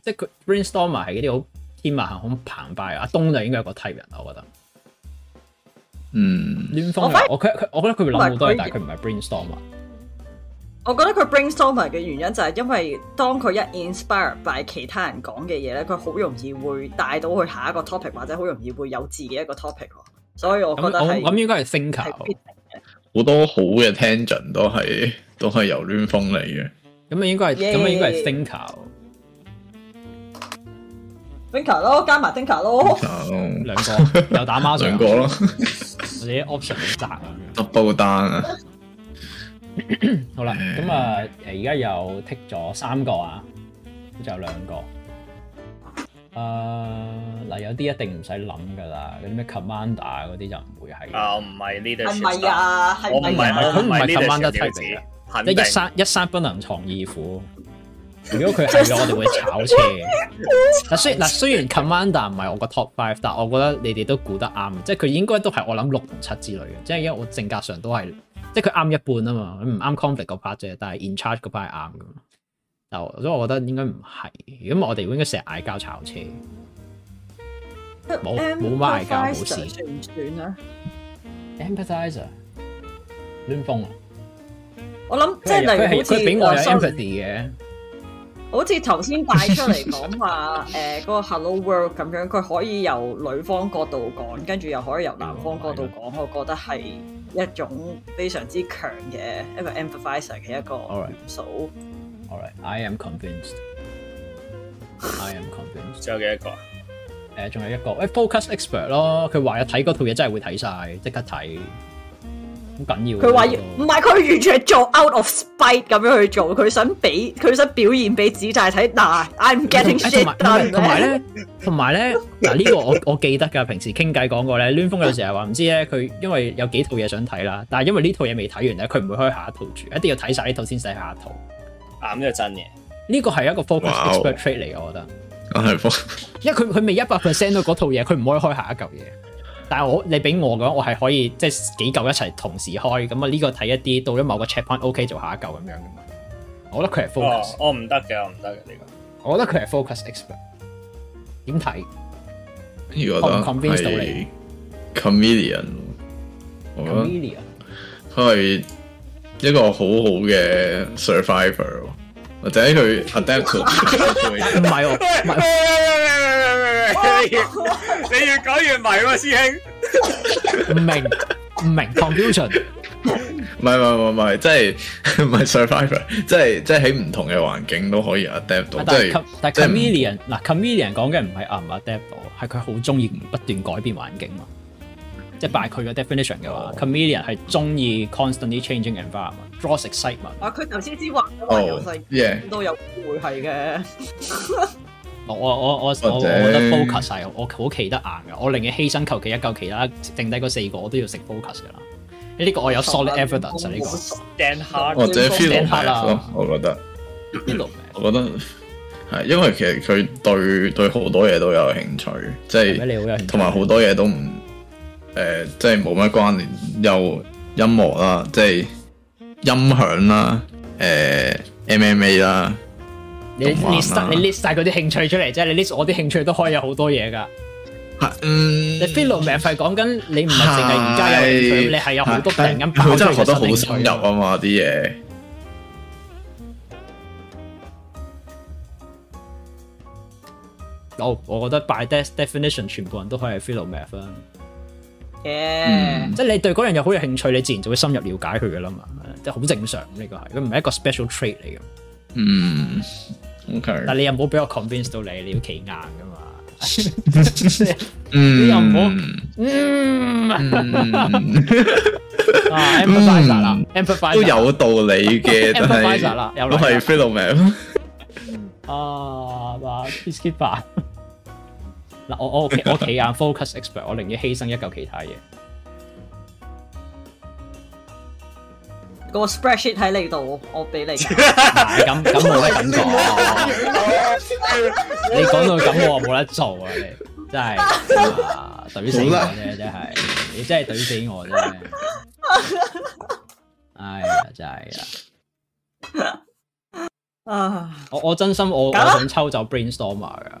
即係佢 Brainstormer 係嗰啲好天馬行空澎、澎湃啊。阿東就應該有個 type 人，我覺得。嗯，方我佢覺得佢會諗好多但係佢唔係 Brainstormer 我覺得佢 Brainstormer 嘅原因就係因為當佢一 inspire by 其他人講嘅嘢咧，佢好容易會帶到去下一個 topic，或者好容易會有自己一個 topic。所以我覺得我諗應該係 Thinker。好多好嘅 tangent 都係都係由亂風嚟嘅，咁啊應該係咁啊應該係 thinker，thinker 咯加埋 thinker 咯，兩個 *laughs* 又打孖，兩個咯，寫 *laughs* *laughs* option 窄， *laughs* 好窄啊，double down 啊，好啦，咁啊，誒而家又剔咗三個啊，就有兩個。誒，嗱有啲一定唔使諗噶啦，嗰啲咩 Commander 嗰啲就唔會係。Uh，唔係，係唔係啊，唔係呢啲，唔係啊，我唔係，唔係 Commander type 一山一山不能藏二虎，如果佢係嘅， *laughs* 我哋會炒車。嗱 *laughs* 雖嗱雖然 Commander 唔係我個 Top Five，但係我覺得你哋都估得啱嘅，即係佢應該都係我諗六同七之類嘅，即係因為我性格上都係，即係佢啱一半啊嘛，佢唔啱 Commander 個 part 啫，但係 In Charge 個 part 啱嘅。所以，我覺得應該唔係。如果唔係，我哋應該成日嗌交炒車。冇冇咩嗌交，冇事，算算。Empathizer 亂風，我諗即係佢係佢俾我有 empathy 嘅。好似頭先帶出嚟講話誒嗰個 Hello World 咁樣，佢可以由女方角度講，跟住又可以由男方角度講，oh、我覺得係一種非常之強嘅、oh、一個 empathizer、okay. 嘅一個元 Right, I am convinced。I am convinced。仲有幾多個？誒、欸，仲有一個，誒、欸、，Focus Expert 咯。佢話有睇嗰套嘢，真係會睇晒，即刻睇。好緊要。佢話要，唔係佢完全係做 out of spite 咁樣去做。佢想俾，佢想表現俾子大睇。但、nah, 係 I'm getting 同埋咧，同埋咧，嗱呢，呢， *laughs* 呢、啊這個我我記得噶，平時傾偈講過咧，亂風有陣時係話唔知咧，佢因為有幾套嘢想睇啦，但係因為呢套嘢未睇完咧，佢唔會開下一套住，一定要睇晒呢套先睇下一套。啱，呢個真嘅，呢個係一個 focus expert 嚟，我覺得。係 focus，因為佢佢未一百 percent 到嗰套嘢，佢唔可以開下一嚿嘢。但係我你俾我講，我係可以即係、就是、幾嚿一齊同時開。咁啊呢個睇一啲到咗某個 checkpoint，OK、okay，做下一嚿咁樣噶嘛。我覺得佢係 focus、哦。我唔得嘅，我唔得嘅呢個。我覺得佢係 focus expert。點睇？呢個我 convince 到你我覺得係？Comedian。Comedian。佢係。一個好好嘅 survivor，或者佢 adapt 唔係我，你越講越迷喎、啊、師兄，唔 *laughs* 明唔明 confusion 唔係唔係唔係，即係唔係 survivor，即係即係喺唔同嘅環境都可以 adapt 到，但係 comedian 嗱 comedian 講嘅唔係啊唔 adapt 到，係佢好中意不斷改變環境嘛。即係按佢嘅 definition 嘅話，oh，chameleon 係中意 constantly changing environment，draws excitement。啊，佢頭先之話玩遊戲都有會係嘅。嗱，我我我我我覺得 focus 曬，我好奇得硬嘅，我寧願犧牲求其一嚿其他，剩低嗰四個我都要食 focus 嘅啦。呢、呢個我有 solid evidence 啊，呢個。哦，即係 feel better 咯，我覺得。我覺得係因為其實佢對對好多嘢都有興趣，即係同埋好多嘢都唔。誒、呃，即係冇乜關聯，又音樂啦，即係音響啦，誒、呃、，MMA 啦，你 list 你 list 晒嗰啲興趣出嚟啫，你 list 我啲興趣都可以有好多嘢噶、嗯，你 philomath 係講緊你唔係淨係而家有，有，你係有好多唔同咁，佢真係學得好深入啊嘛啲嘢，些 oh，我覺得 by definition，全部人都可以係 philomath 啦。Yeah. 嗯、即係你對嗰樣有好有興趣，你自然就會深入了解佢噶啦嘛，即係好正常。呢個係，佢唔係一個 special trait 嚟嘅。嗯，OK。但係你又唔好俾我 convince 到你，你要企硬噶嘛 *laughs* 你、嗯。你又唔好、嗯嗯 *laughs* 啊，嗯。啊，amplifier 啦，amplifier 都有道理嘅，但係都係 fellow man。哦、啊，吧、啊、，skipper。啊啊啊啊啊啊。嗱，我我我企硬 focus expert，我寧願犧牲一嚿其他嘢。個 spreadsheet 喺你度，我俾你， *laughs* 好吧 *laughs* 你，你。咁咁冇得咁講。你講到咁，我話冇得做啊！你真係懟死我啫！真係，你真係懟死我啫！哎呀，真係啊！ *laughs* 我我真心我我想抽走 brainstormer 啊！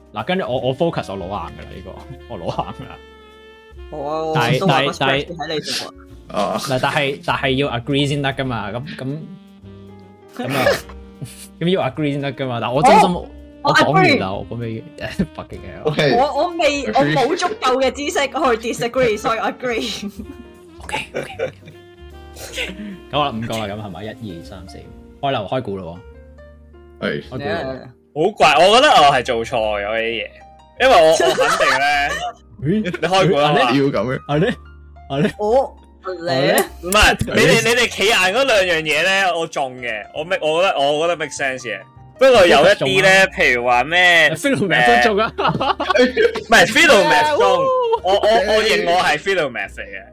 嗱，跟住我我 focus 我攞硬噶啦呢個，我攞硬噶啦、oh,。我我我我我我你嗱，但係但係、uh... 要 agree 先得噶嘛，咁咁咁啊，咁 *laughs* *laughs* *laughs* 要 agree 先得噶嘛。但我真心、oh, 我講完啦，我講俾白嘅我我未我冇足夠嘅知識去 disagree， *laughs* 所以、I、agree。OK，OK，咁我五個啦，咁係咪？一、二、三、四，開樓開股啦，係、hey. 開股。Yeah. 好怪，我覺得我係做錯咗呢啲嘢，因為我我肯定咧， *laughs* 你開估啦，你要咁嘅係咧係咧我你？咧，唔係你哋你哋企硬嗰兩樣嘢咧，我中嘅，我 make，我覺得、nah. 我，我覺得 make sense 嘅。不過有一啲咧，譬、這個、如話咩，philomath 中唔係 philomath 中，我為我我認我係 philomath 嚟嘅，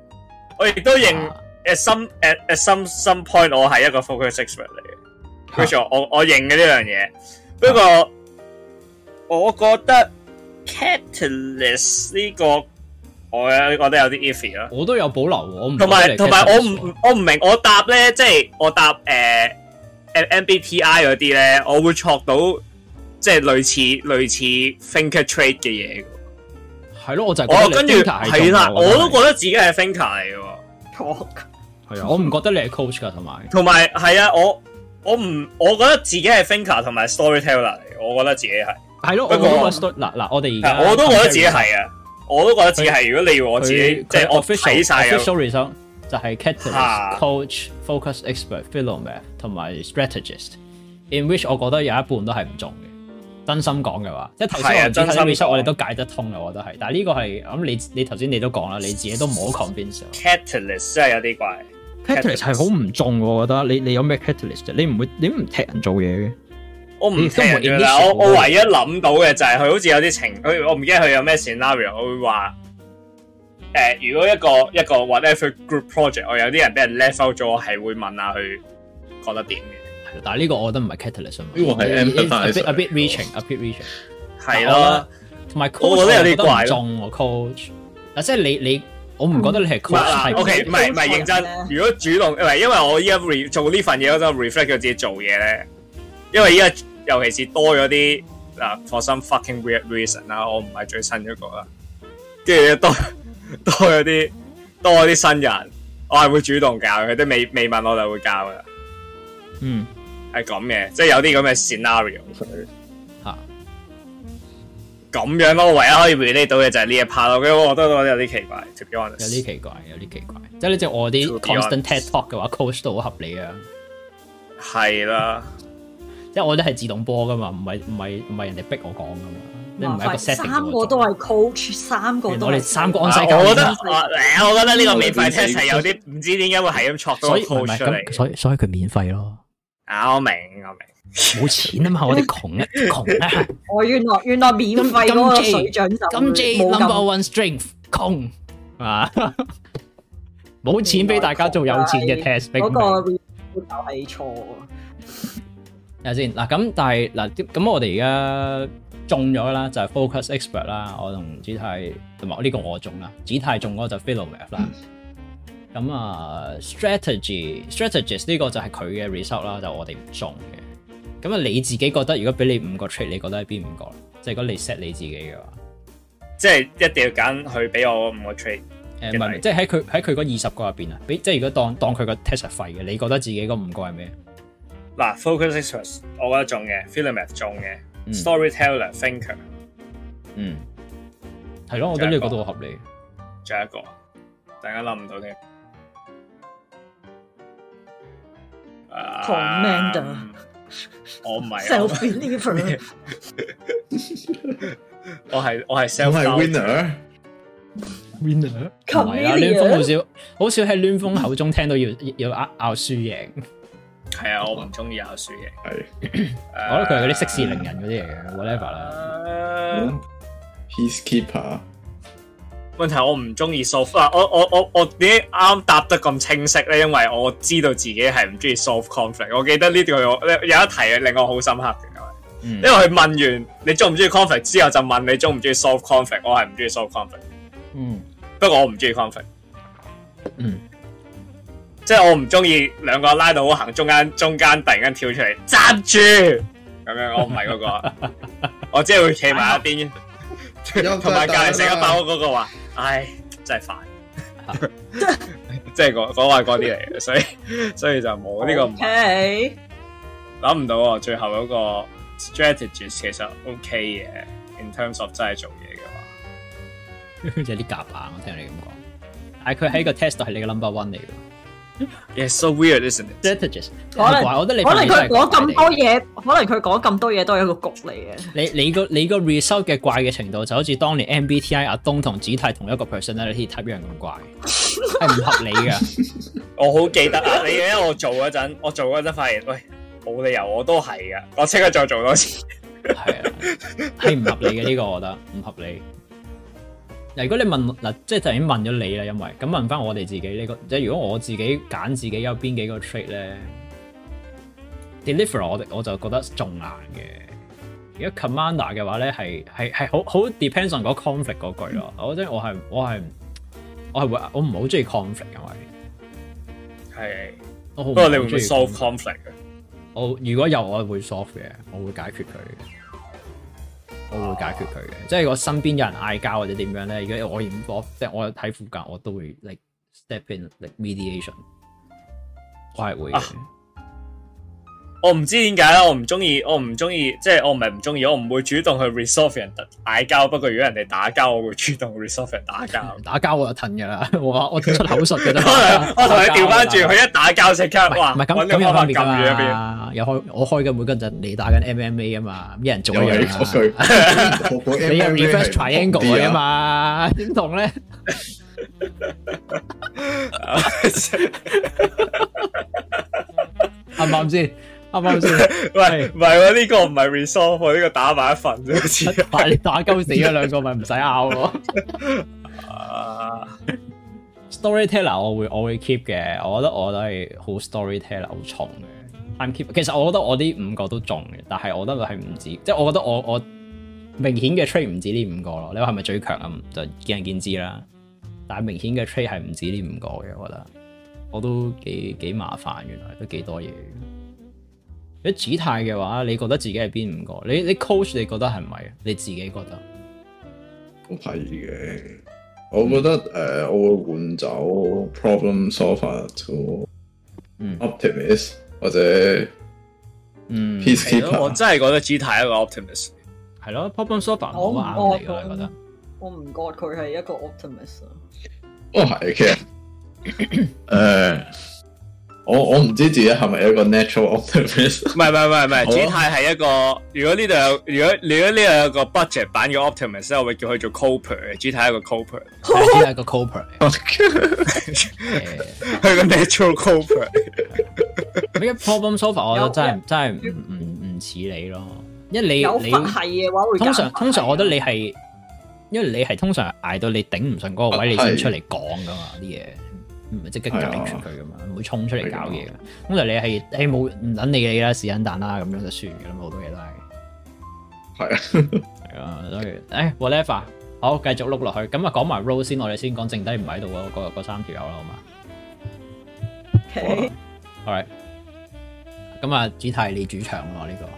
我亦都認為 at, some, at some at some point，我係一個 focus expert 嚟嘅，跟、huh? 我我我認嘅呢樣嘢。不過我覺得 Catalyst 呢、這個，我我覺得有啲 iffy 啦。我都有保留，我唔同埋同埋我唔我唔明我答咧，即係我答誒、呃、M B T I 嗰啲咧，我會 cho 到即係類似類似 thinker trade 嘅嘢。係咯，我就我跟住係啦，我都覺，覺得自己係 thinker 嚟噶 cho 係啊，我唔 *laughs* 覺得你係 coach 噶，同埋同埋係啊，我。我唔，我覺得自己係 thinker 同埋 storyteller 嚟，我覺得自己係，係咯。不過嗱嗱，我哋而家我都覺得自己係啊，我都覺得自己係。如果你要我自己，即係、就是、official official reason 就係 catalyst、uh, coach focus expert philomath 同埋 strategist。In which 我覺得有一半都係唔中嘅，真心講嘅話。是即係頭先我哋都解得通嘅，我覺得係。但係呢個係咁，你你頭先你都講啦，你自己都唔好 convince 咯。catalyst 真係有啲怪。Catalyst 係好唔中，我覺得你你有咩 catalyst？你唔會你唔踢人做嘢嘅。我唔踢人嘅，我我唯一諗到嘅就係佢好似有啲情，佢我唔記得佢有咩 scenario，我會話，誒，如果一個一個 whatever group project，我有啲人俾人 left out 咗，我係會問下佢覺得點嘅。係，但係呢個我覺得唔係 catalyst 啊嘛。呢個係 amplify，a bit reaching，a bit reaching，係咯。同埋我覺得有啲唔中喎，coach。嗱，即係你你。你我唔覺得你係講係 OK，唔係唔係認真。如果主動，係唔係因為我依家做呢份嘢嗰陣 reflect 我自己做嘢咧，因為依家尤其是多咗啲嗱，for some fucking reason 啦，我唔係最新一個啦，跟住多多咗啲多咗啲新人，我係會主動教佢，都未未問我就會教噶。嗯，係咁嘅，即係有啲咁嘅 scenario，嗯。咁樣咯，唯一可以 relate 到嘅就係呢一 part 咯，咁我覺得我覺得有啲奇怪，直接話有啲奇怪，有啲奇怪。即係呢隻我啲 constant TED Talk 嘅話，coach 都好合理啊。係啦， *laughs* 即係我得係自動播噶嘛，唔係唔係唔係人哋逼我講噶嘛，你唔係一個 setting。三個都係 coach，三個都係三個安、啊。我覺得我，是我覺得呢個免費 test 係有啲唔知點解會係咁錯，所以所以所以佢免，免，免，免費咯。啊，我明我明。冇 *laughs* 錢啊嘛，我哋窮啊，窮啊。 *laughs* 哦，原來原來免費嗰個水準。咁今次 Number One Strength 窮啊，冇 *laughs* 錢俾大家做有錢嘅 test。嗰、那個 result 係錯。睇下先嗱，咁但係嗱，咁我哋而家中咗啦，就係、是、Focus Expert 啦。我同子泰同埋呢個我中啦，子泰中嗰、嗯 uh, 個就 philomath 啦。咁啊，Strategy Strategist 呢個就係佢嘅 result 啦，就我哋唔中嘅。咁啊，你自己覺得如果俾你五個 trade 你覺得喺邊五個？即係如果你 set 你自己嘅話，即係一定要揀佢俾我五個 trade。唔係，即係喺佢喺佢嗰二十個入邊啊，俾即係如果當當佢個 test 廢嘅，你覺得自己嗰五個係咩？嗱，Focus Expert 我覺得中嘅，Philomath 中嘅，嗯，Storyteller, Thinker，嗯，係咯，我覺得呢個都好合理。仲有一個，大家諗唔到嘅，Commander。Um, 我唔係，self deliver。我係我係 self winner，winner。唔係啊，暖風好少，好少喺暖風口中聽到要要拗拗輸贏。係啊，我唔中意拗輸贏。係，我覺得佢係嗰啲息事寧人嗰啲嘢嘅，whatever 啦。Peacekeeper。問題我唔中意 solve 我我我我點啱答得咁清晰咧？因為我知道自己係唔中意 solve conflict。我記得呢段有有一題令我好深刻嘅、嗯，因為佢問完你中唔中意 conflict 之後，就問你中唔中意 solve conflict。我係唔中意 solve conflict。嗯，不過我唔中意 conflict。嗯，即係我唔中意兩個拉到好行中間，中間突然間跳出嚟，站住咁樣，我唔係嗰個， *laughs* 我只係會企埋一邊，同 *laughs* 埋隔籬食一包嗰個話。唉，真係煩， *laughs* 即係講講話嗰啲嚟嘅，所以所以就冇呢個問題。諗、okay. 唔到啊！最後嗰個 strategies 其實 OK 嘅，in terms of 真係做嘢嘅話，有啲夾硬。我聽你咁講，但係佢喺個 test 係你嘅 number one 嚟嘅。Yes, so weird, isn't it? Strategies 可能我覺得你可能佢講咁多嘢，可能佢講咁多嘢都係一個局嚟嘅。你你個你個 result 嘅怪嘅程度，就好似當年 MBTI 阿東同 G 太同一個 person 呢啲 type 一樣咁怪，係唔合理㗎。我好記得啊，你因為我做嗰陣，我做嗰陣發現，喂，冇理由我都係㗎，我即刻再做多次。係啊，係唔合理嘅。呢個我覺得唔合理。如果你問嗱，即係突然問咗你啦，因為咁問翻我哋自己呢個，即係如果我自己揀自己有邊幾個 trait 咧 deliver 我哋，我就覺得仲難嘅、嗯。如果 commander 嘅話咧，係係係好好 depends on 嗰 conflict 嗰句咯。我真我係我係我係會，我唔好中意 conflict 因為。係，不過你會唔會 solve conflict 我如果有我會 solve 嘅，我會解決佢。我我會解決佢嘅，即係我身邊有人嗌交或者點樣呢？如果我 involve，我即係我睇附近我，我都會 like step in like mediation，我係會的。啊我唔知點解啦，我唔中意，我唔中意，即係我唔係唔中意，我唔會主動去 resolve 人打嗌交。不過如果人哋打交，我會主動 resolve 人打交。打交我就褪噶啦，我我出口術嘅啦。我同你調翻轉，佢一打交食卡，哇！唔係咁咁又方便啦，又開我開緊每根針，你打緊 MMA 啊嘛，一人做一人 *laughs* 啊。你又 reverse triangle 啊嘛，點同咧？啱唔啱先？啱唔啱先？喂，唔係喎，呢、這個唔係 resolve，呢 *laughs* 個打埋一份啫。你 *laughs* 打鳩死咗兩個咪唔使拗咯。 *laughs* 達我 *laughs* Storyteller，我會我會 keep 嘅，我覺得我都係好 storyteller 好重嘅。I keep，其實我覺得我呢五個都中嘅，但係我覺得係唔止，即、就、係、是、我覺得我我明顯嘅 trade 唔止呢五個咯。你話係咪最強啊？就見仁見智啦。但係明顯嘅 trade 係唔止呢五個嘅，我覺得我都幾幾麻煩，原來都幾多嘢。指態嘅話，你覺得自己係邊五個？你你 coach，你覺得係咪啊？你自己覺得都係嘅。嗯、我覺得誒、呃，我會換走 problem solver to optimist，嗯、或者嗯 peacekeeper 我真係覺得指態一個 optimist 係咯，problem solver 唔好啱嘅。覺得我唔覺佢係一個 optimist 啊。都係嘅，誒、oh,。我我唔知自己係咪一個 natural optimist。 *laughs* 唔係唔係唔係唔係，Gtai 係一個。如果呢度有，如果如果呢度有個 budget 版嘅 optimist，我會叫佢做 coper 嘅。Gtai 係個 coper，Gtai 係個 coper、 *laughs* *laughs* so。佢個 natural coper。一 problem solver，我就真係真係唔唔唔似你咯。一你你係嘅話會。通常通常，我，常我覺得你係因為你係通常捱到你頂唔順嗰個位、啊，你先出嚟講噶嘛啲嘢。唔係即刻反應、啊、出佢咁樣，唔會衝出嚟搞嘢。咁就你係你冇唔等你你啦，是但啦，咁樣就算噶啦。好多嘢都係係啊， *laughs* 啊，所以誒、哎、whatever，好繼續碌落去。咁啊，講埋 Rose 先，我哋先講剩低唔喺度啊，嗰嗰三條友啦，好嘛？OK，t 咁啊，okay. Alright, 主題你主場喎呢、這個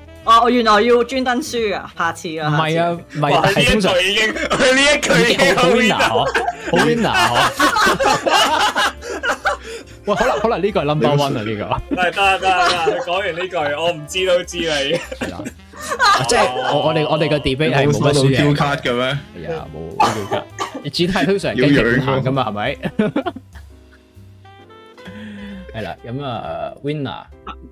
我原來我要專登輸啊，下次啊，唔係啊，唔係係通常已經，佢呢一句已經，已經、啊、啊啊 *laughs* *laughs* *laughs* 好 winner 好 winner 嗬。哇、這個啊，可能可能呢個 number one 啊呢個，係得啦得啦，講完呢句我唔知都知你。即係我我哋我哋個 debate 係冇乜 Q 卡嘅咩？係啊，冇、就、Q、是啊、卡，哎、 *laughs* 主要係通常要樣咁嘛，係咪？係 *laughs* 啦，咁啊，winner。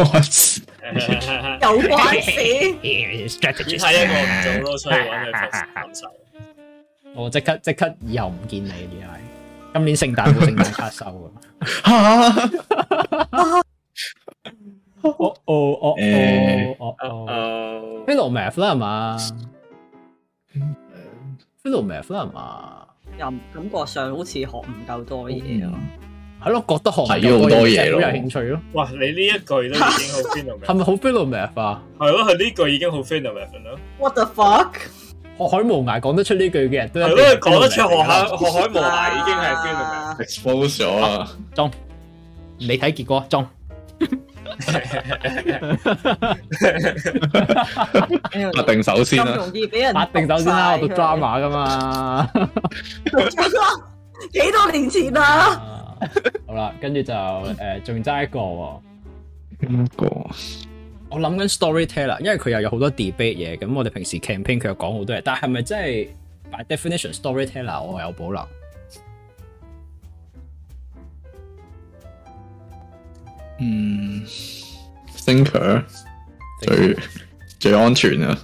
*laughs* 有關係係，你 *laughs* 睇一個唔做咯，所以玩嘅趨我即刻即刻，刻以後唔見你嘅嘢。今年聖誕都聖誕卡收啊！哦哦哦哦哦哦，philomath 啊嘛，philomath 啊嘛，又 *laughs* 不 *laughs* 感覺上好似學唔夠多嘢 *laughs* 係咯，覺得學唔到好多嘢咯，好有興趣咯。哇，你呢一句都已經好 philomath。係咪好 philomath 化？係咯，佢呢句已經好 philomath 咯。What the fuck？學海無涯，講得出呢句嘅人都一定係。講得出學下學海無涯已經係 philomath，exposed 咗啊！中，你睇結果中。定手先啦，咁容易俾人。定手先啦，我讀 drama 噶嘛。幾多年前啊！好啦，跟住就誒，仲差一個，邊個？我諗緊 storyteller，因為佢又有好多 debate 嘢，咁我哋平時 campaign 佢又講好多嘢，但係咪真係 by definition storyteller？我有保留。嗯，thinker 最最安全啊，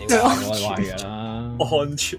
唔該壞人啦，安全。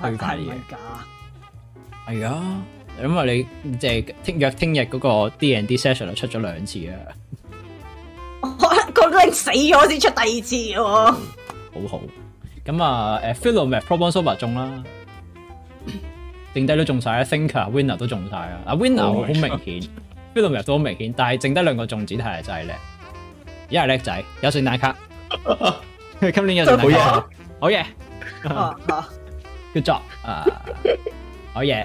係噶，係啊，因為你即係聽約聽日嗰個 D and D session 都出咗兩次啊！我我令死咗先出第二次喎。好好，咁啊，誒，Philomath、Problem Solver 中啦，剩低都中晒啦，Thinker、Winner 都中晒啦。啊，Winner 好明顯，Philomath 都好明顯，但係剩低兩個中子牌就係叻，一係叻仔，有順奶卡，今年有順奶卡，好嘢，好。叫做啊，好嘢！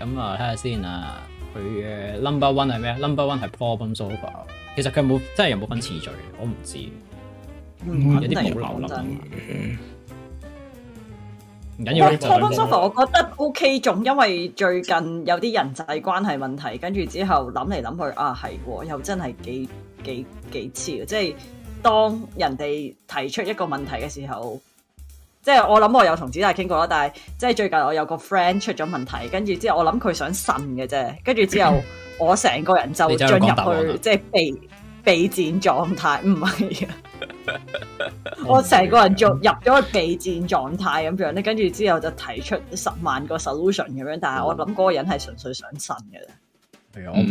咁啊，睇下先啊，佢嘅 number one 係咩？number one 係 problem solver。其實佢冇，真係有冇分次序？我唔知，有啲保留啦。唔緊要，problem solver，我覺得 OK 仲，因為最近有啲人際關係問題，跟住之後諗嚟諗去，啊係，又真係幾幾幾次啊！即係當人哋提出一個問題嘅時候。即係我諗我有同子大傾過啦，但係即係最近我有個 friend 出咗問題，跟住之後我諗佢想呻嘅啫，跟住之後我成個人就進入去即係備備戰狀態，唔係啊，的 *laughs* 我成個人就入咗去備戰狀態咁樣咧，跟住之後就提出十萬個 solution 咁樣，但係我諗嗰個人係純粹想呻嘅啫。係、嗯、啊、嗯這個這個嗯，我唔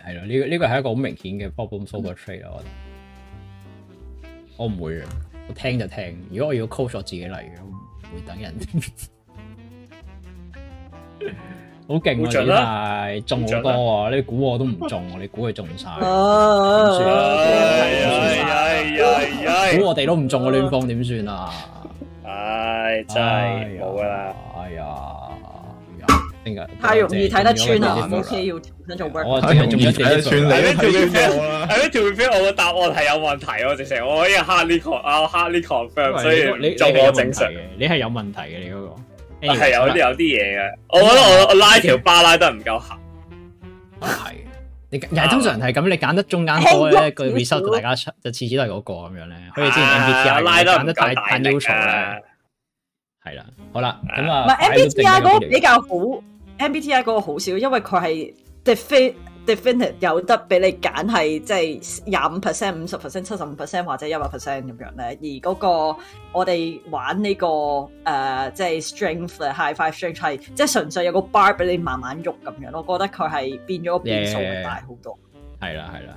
係咯，呢個呢個係一個好明顯嘅 problem solving trade 我唔會嘅。我聽就聽，如果我要 call 咗自己嚟，我唔會等人。好 *laughs* 勁啊！但係中好多啊！你估我都唔中，你估佢中晒，點算啊？估我哋都唔中，我亂放點算啊？唉，真係冇噶啦！哎呀～太容易睇得穿啦，唔好要做 work，我最近中咗幾多穿你看。係呢條 feel，呢條 feel 我嘅答案係有問題。 *laughs* 我直程我呢 a hardly con，我 hardly confirm，所以唔符合正常嘅。你係有問題嘅，你嗰、那個係、啊、有啲有啲嘢嘅。我覺得我,、嗯、我拉條巴拉得唔夠行。係、啊， *laughs* 你又係通常係咁，你揀得中間開咧個 result 大家就次次都係嗰、那個咁樣咧。好、啊、似、那個、之前 MVP 拉、啊、拉得太大力係啦，好啦，咁啊，唔係 MBTI 嗰個比較好，MBTI 嗰個好少，因為佢係 defi definite 有得俾你揀，係即係廿五 percent、五十 percent、七十五 percent 或者一百 percent 咁樣咧。而嗰個我哋玩呢個誒，即係 strength 嘅 high five strength 係，即係純粹有個 bar 俾你慢慢喐咁樣，我覺得佢係變咗變數會大好多。係啦，係啦。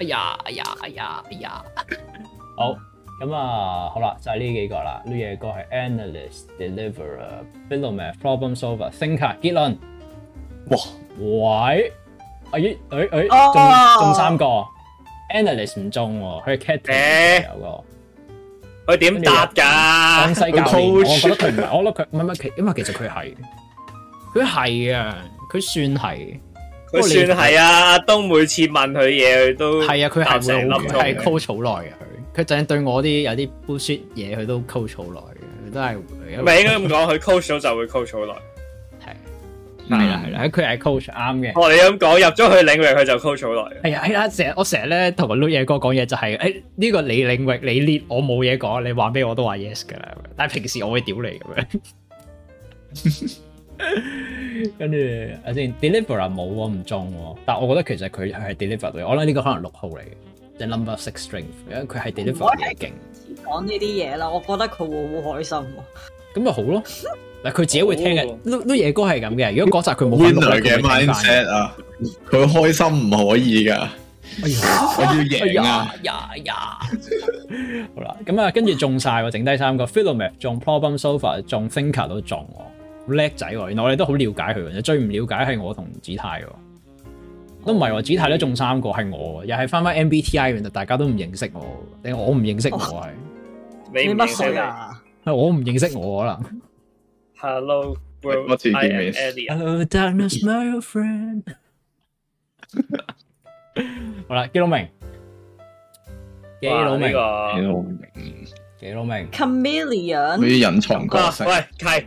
哎 *laughs* 呀、yeah, yeah, yeah, yeah.，哎呀，哎呀，哎呀，好咁啊，好啦，就係、是、呢幾個啦。呢嘢個係 analyst deliverer philomath problem solver，thinker，結論。哇，喂，阿、哎、咦，誒、哎、誒、哎，中、啊、中三個，analyst 唔中喎、啊，佢係 cat 嘅有個，佢點答噶？江西教，教我覺得佢唔係，我覺得佢唔係乜。係，因為其實佢係，佢係啊，佢算係。算係啊，都東每次問佢嘢，佢都係啊，佢係會係 coach 好耐嘅佢。佢就係對我啲有啲 bullshit 嘢，佢都 coach 好耐嘅。佢都係唔係應該咁講？佢 coach 咗就會 coach 好耐。係係啦係啦，佢係 coach 啱嘅。哦，你咁講，入咗佢領域，佢就 coach 好耐。係啊係啊，成日我成日咧同埋 l 嘢哥講嘢就係，誒呢個你領域你 lead 我冇嘢講，你話咩我都話 yes 噶啦。但係平時我會屌你咁樣。 *laughs* 跟住，阿先 deliver 啊冇我唔中喎，但係我覺得其實佢係 deliver 嚟，我諗呢個可能六號嚟，嘅，the number six strength，因為佢係 deliver，係勁。講呢啲嘢啦，我覺得佢會好開心。咁咪好咯，嗱佢自己會聽嘅，呢呢嘢歌係咁嘅。如果嗰集佢冇 winner 嘅 mindset 啊，佢開心唔可以噶，我要贏啊！ *laughs* 好啦，咁啊，跟住中晒，整低三個 fi *laughs* ller 中，problem solver 中，thinker 都中。叻仔喎，原來我哋都好了解佢，最唔了解係我同子泰喎、哦。都唔係喎，子泰都中三個，係我，又係翻翻 MBTI，原來大家都唔認識我，定我唔認識我係、哦？你乜水啊？係 *laughs* 我唔認識我可能。Hello，我自建 *laughs* Hello，darkness my，old，friend *laughs* *laughs* *laughs* 好啦，幾多名？幾多名？幾、這、多、個、名，名？Chameleon。我要隱藏角、啊、喂，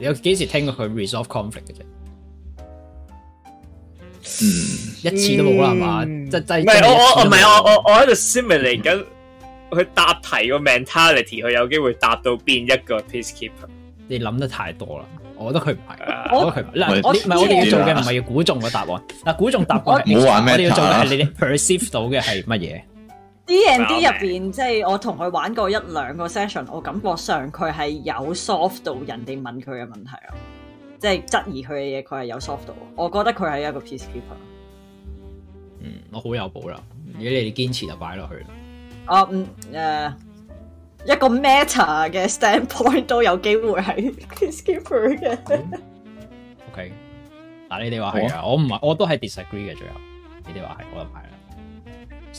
你有幾時聽過佢 resolve conflict 嘅啫？一次都冇啦嘛，即係即係唔係我我唔係我我我喺度 simulate 緊佢答題個 mentality，佢有機會答到邊一個 peacekeeper？你諗得太多啦，我覺得佢唔係啊。我覺得佢唔係，嗱，我哋要做嘅唔係要估中個答案，嗱估中答案係好玩咩？我哋要做嘅係你哋 perceive 到嘅係乜嘢？D and D 入邊，即、okay. 係我同佢玩過一兩個 session，我感覺上佢係有 soft 到人哋問佢嘅問題啊。即係質疑佢嘅嘢，佢係有 soft 到。我覺得佢係一個 peacekeeper。嗯，我好有保留。如果你哋堅持就擺落去啊，嗯，誒，一個 meta 嘅 standpoint 都有機會係 peacekeeper 嘅。 *laughs* OK，嗱，你哋話係啊，我唔係，我都係 disagree 嘅。最後，你哋話係，我又係啦。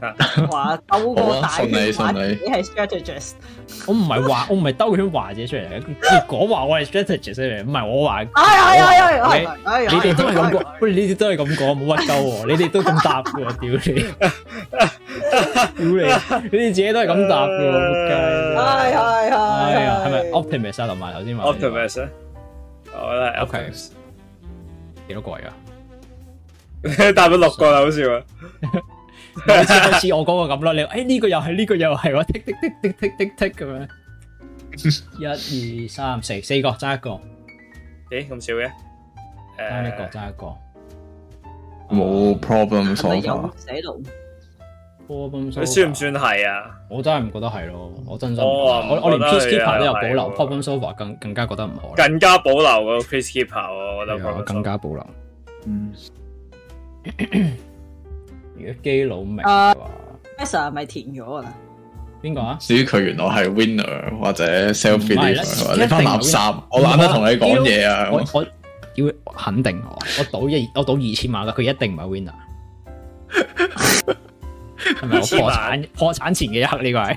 話兜個大圓子係 strategist，我唔係話我唔係兜個圓子出嚟，結果話我係 strategist 嚟，唔係我話，係係係係，你哋都係咁講，你哋都係咁講，冇乜兜喎，你哋都咁答嘅，屌你，你哋自己都係咁答嘅，係係係，係咪 optimiser 同埋頭先話 optimiser？我咧，OK，幾多個啊？帶咗六個，好笑啊！好 *laughs* 似我嗰個咁咯，你誒呢、欸這個又係呢個又係，我剔剔剔剔剔剔咁樣，一二三四四個爭一個，咦、欸、咁少嘅？爭一個爭一個，冇、uh, problem，solver。寫、uh, problem，你、啊、算唔算係啊？我真係唔覺得係咯，我真心、哦、我我，我連 peacekeeper 都有保留，problem solver 更更加覺得唔好。更加保留個 peacekeeper，我覺得更加保留。 *laughs* 基佬明、uh, s 係咪填咗啊？邊個啊？至於佢原來係 winner 或者 selfie，你翻垃圾，我懶得同你講嘢啊！我要肯定我我賭一我賭二千萬啦，佢一定唔係 winner。係咪我破產， *laughs* 破產前嘅一刻呢、呢個係。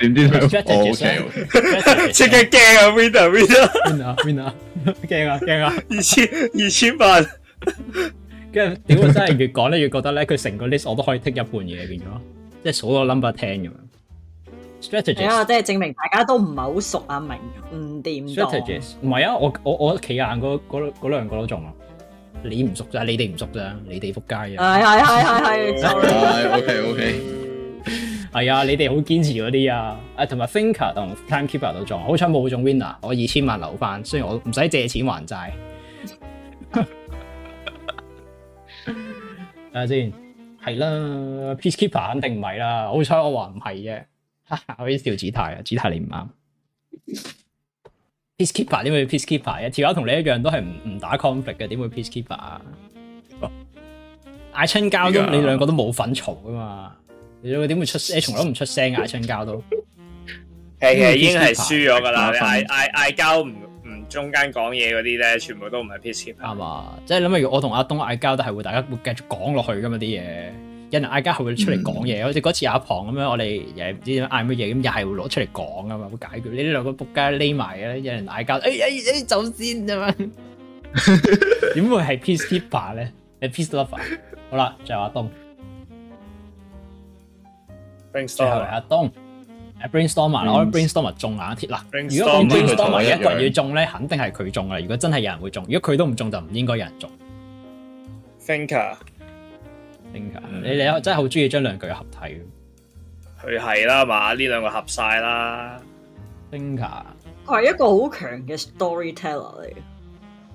點知冇？哦，OK，OK，check 下 game 啊，winner，winner，winner，winner，game 啊，game 啊，二千二千萬，跟住點？真係越講咧越覺得咧，佢成個 list 我都可以剔一半嘢，變咗即係數到 number ten 咁樣。strategy 啊，即係證明大家都唔係好熟啊，明唔掂多？唔係啊，我我我企硬嗰嗰嗰兩個都中啊，你唔熟啫，你哋唔熟啫，你哋撲街啊！係係係係，係 OK OK。係、哎、啊，你哋好堅持嗰啲啊！啊，同埋 thinker 同 timekeeper 都仲好彩冇中 winner，我二千萬留翻，雖然我唔使借錢還債。睇下先，係啦，peacekeeper 肯定唔係啦，好彩我話唔係啫，可以調指態啊，是是我哈哈我指態你唔啱。 *laughs* peacekeeper 點、啊、會 peacekeeper 啊？條友同你一樣都係唔唔打 conflict 嘅，點會 peacekeeper 啊？嗌親交都，yeah. 你兩個都冇份嘈噶嘛？你點會出聲？你從來都唔出聲嗌親交都，其實已經係輸咗噶啦！嗌嗌交唔唔中間講嘢嗰啲咧，全部都唔係 peacekeeper 係嘛？即係諗下，如我同阿東嗌交，都係會大家會繼續講落去噶嘛？啲嘢有人嗌交係會出嚟講嘢，好似嗰次阿龐咁樣，我哋又唔知點嗌乜嘢，咁又係會攞出嚟講噶嘛？會解決。你呢兩個仆街匿埋嘅，有人嗌交，誒誒誒，先走先啊嘛？點 *laughs* 會係 peacekeeper 咧？你 *laughs* peace lover。好啦，就係阿東。最後係阿東，阿 Brainstormer 啦，我 Brainstormer 中硬、啊、鐵啦。如果我 Brainstormer 一,一個人要中咧，肯定係佢中啦。如果真係有人會中，如果佢都唔中，就唔應該有人中。Thinker，Thinker，、嗯、你哋真係好中意將兩句合體。佢係啦嘛，呢兩個合晒啦。Thinker，佢係一個好強嘅 storyteller 嚟嘅。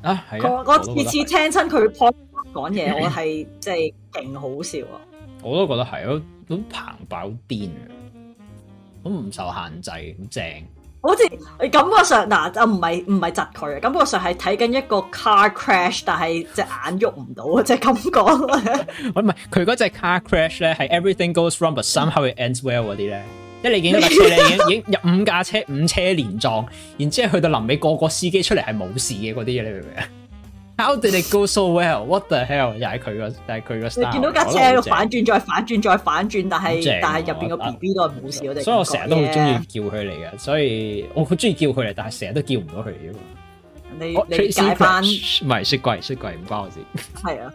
啊，係、啊、我次次聽親佢 post 講嘢，Finker? 我係即係勁好笑啊！我都覺得係咯、啊。好彭爆癲啊！好唔受限制，好正，好似感覺上嗱就唔係唔係窒佢啊！感覺上係睇緊一個 car crash，但係隻眼喐唔到啊！即係咁講啊！唔係佢嗰隻 car crash 咧，係 everything goes wrong，但係最後會 ends well 嗰啲咧，即係你見到架車咧已經 *laughs* 已經入五架車五車連撞，然之後去到臨尾個個司機出嚟係冇事嘅嗰啲嘢，你明唔明啊？How did it go so well? What the hell？又係佢個，但係佢個。你見到架車喺度反轉，再反轉，再反轉，但係但係入邊個 B B 都係冇事，我哋。所以我成日都好中意叫佢嚟噶，所以我好中意叫佢嚟，但係成日都叫唔到佢啊你、oh, 你解翻？唔係雪櫃，雪櫃唔關我事。係啊，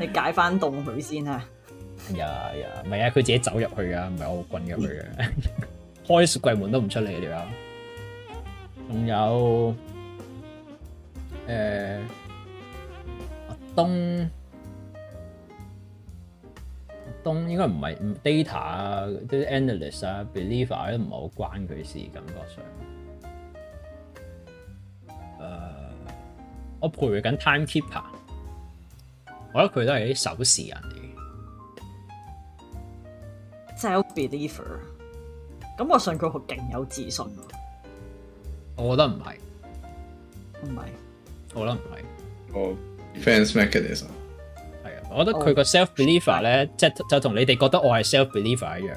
你解翻凍佢先啊。呀呀，唔係啊，佢自己走入去噶，唔係我滾入去嘅。 *laughs* 開雪櫃門都唔出嚟啊！仲有。誒、uh，東東應該唔係 data 啊，啲 analyst 啊，believer 都唔係好關佢事，感覺上。誒、uh，我配育緊 timekeeper，我覺得佢都係啲守時人嚟嘅，就 believer，咁我信佢好勁有自信。我覺得唔係，唔係。我諗唔係個 defense mechanism。係啊，我覺得佢個 self believer 咧，oh. 即係就同你哋覺得我係 self believer 一樣。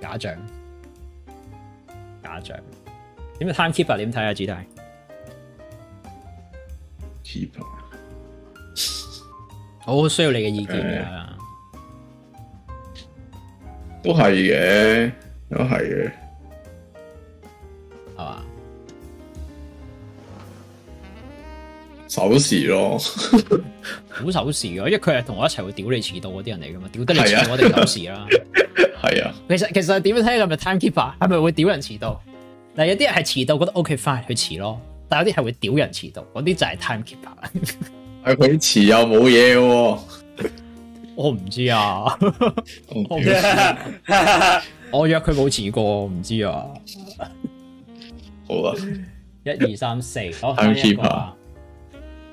假象，假象。點啊，timekeeper 點睇啊，主題 keep 我好需要你嘅意見㗎、欸。都係嘅，都係嘅，係嘛？守時咯，好 *laughs* 守時嘅，因為佢係同我一齊會屌你遲到嗰啲人嚟噶嘛，屌得你遲我哋守時啦。係啊， *laughs* 啊，其實其實點樣睇係咪 timekeeper 係咪會屌人遲到？但有啲人係遲到覺得 OK fine 去遲咯，但有啲係會屌人遲到，嗰啲就係 timekeeper。係佢遲又冇嘢喎，我唔知啊，我，啊 *laughs* 我，吊 *laughs* 我約佢冇遲過，唔知啊。好啊，1, 2, 3, oh, 一二三四，timekeeper。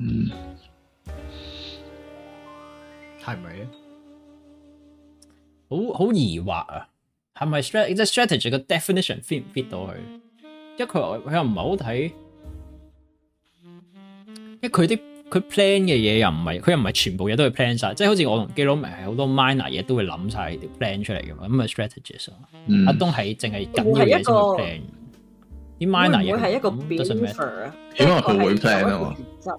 嗯，係咪？好好疑惑啊！係咪 strategy 即係 strategy 嘅 definition fit 唔 fit 到佢，啊嗯？因為佢佢又唔係好睇，因為佢啲佢 plan 嘅嘢又唔係，佢又唔係全部嘢都去 plan 晒，即係好似我同基佬明係好多 minor 嘢都會諗晒條 plan 出嚟噶嘛。咁啊 strategist 阿東係淨係緊要嘢先會 plan，啲 minor 嘢係一個 b e n e 佢會 plan 啊嘛。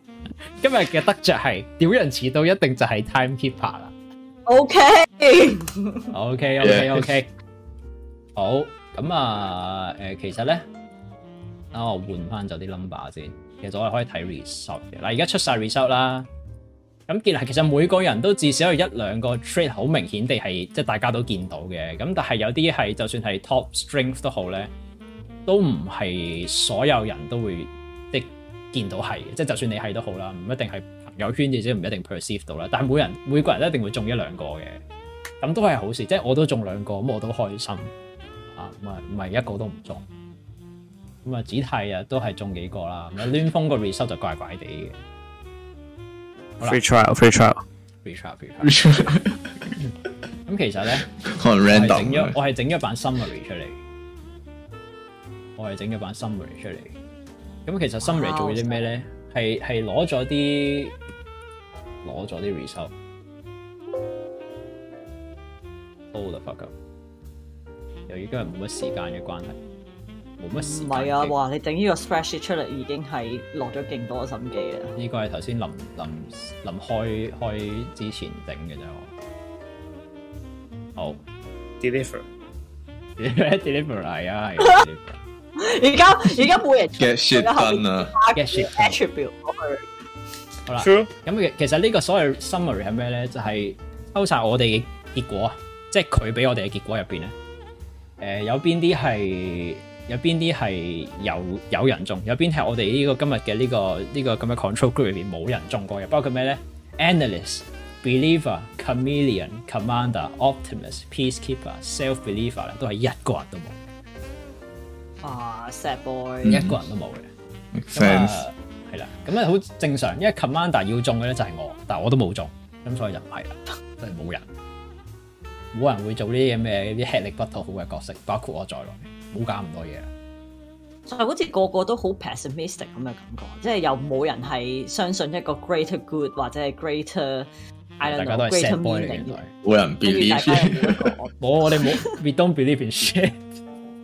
今日嘅得着係屌人遲到一定就係 timekeeper 啦。OK，OK，OK，OK、okay. okay, okay, okay. *laughs* 好，咁啊，誒、呃，其實咧、哦，我換翻就啲 number 先。其實我係可以睇 result 嘅。嗱，而家出晒 result 啦。咁既然啦，其實每個人都至少有一兩個 trait 好明顯地係，即係大家都見到嘅。咁但係有啲係就算係 top strength 都好咧，都唔係所有人都會。見到係，即係就算你係都好啦，唔一定係朋友圈，亦都唔一定 perceive 到啦。但係每人每個人一定會中一兩個嘅，咁都係好事。即係我都中兩個，咁我都開心啊！唔係唔係一個都唔中，咁啊只係啊都係中幾個啦。亂風個 result 就怪怪地嘅。Free trial，free trial，free trial，free trial。咁其實咧、like.，我係整咗，我係整咗版 summary 出嚟，我係整咗版 summary 出嚟。咁其實 s u m i 做咗啲咩咧？係係攞咗啲攞咗啲 result。Oh the fuck！由於今日冇乜時間嘅關係，冇乜時間嘅關係。唔係啊！哇，你整呢個 spread 出嚟已經係落咗勁多的心機啊！呢、呢個係頭先臨臨臨開開之前頂嘅啫。好 deliver，deliver？係啊。Deliver. *laughs* Deliver *laughs* 而家而家冇人，而家好啦，咁其實呢個所謂 summary 係咩咧？就係抽晒我哋結果啊，即係佢俾我哋嘅結果入邊咧。誒、呃，有邊啲係有邊啲係有有人中，有邊係我哋呢、這個今日嘅呢個呢、這個咁嘅 control group 入邊冇人中過嘅，包括咩咧？Analyst、Believer、Chameleon、Commander、Optimus、Peacekeeper、Self Believer 咧，都係一個人都冇。啊、oh！Sad boy，一個人都冇嘅，啊係啦，咁咧好正常，因為 commander 要中嘅咧就係我，但係我都冇中，咁所以就係啦，真係冇人，冇人會做呢啲咁嘅啲吃力不討好嘅角色，包括我在內，冇搞咁多嘢。所以好似個個都好 pessimistic 咁嘅感覺，即係又冇人係相信一個 greater good 或者係 greater。Know, 大家都 sad boy 嚟，冇人 believe。冇，我哋冇，we don't believe in shit。 *laughs*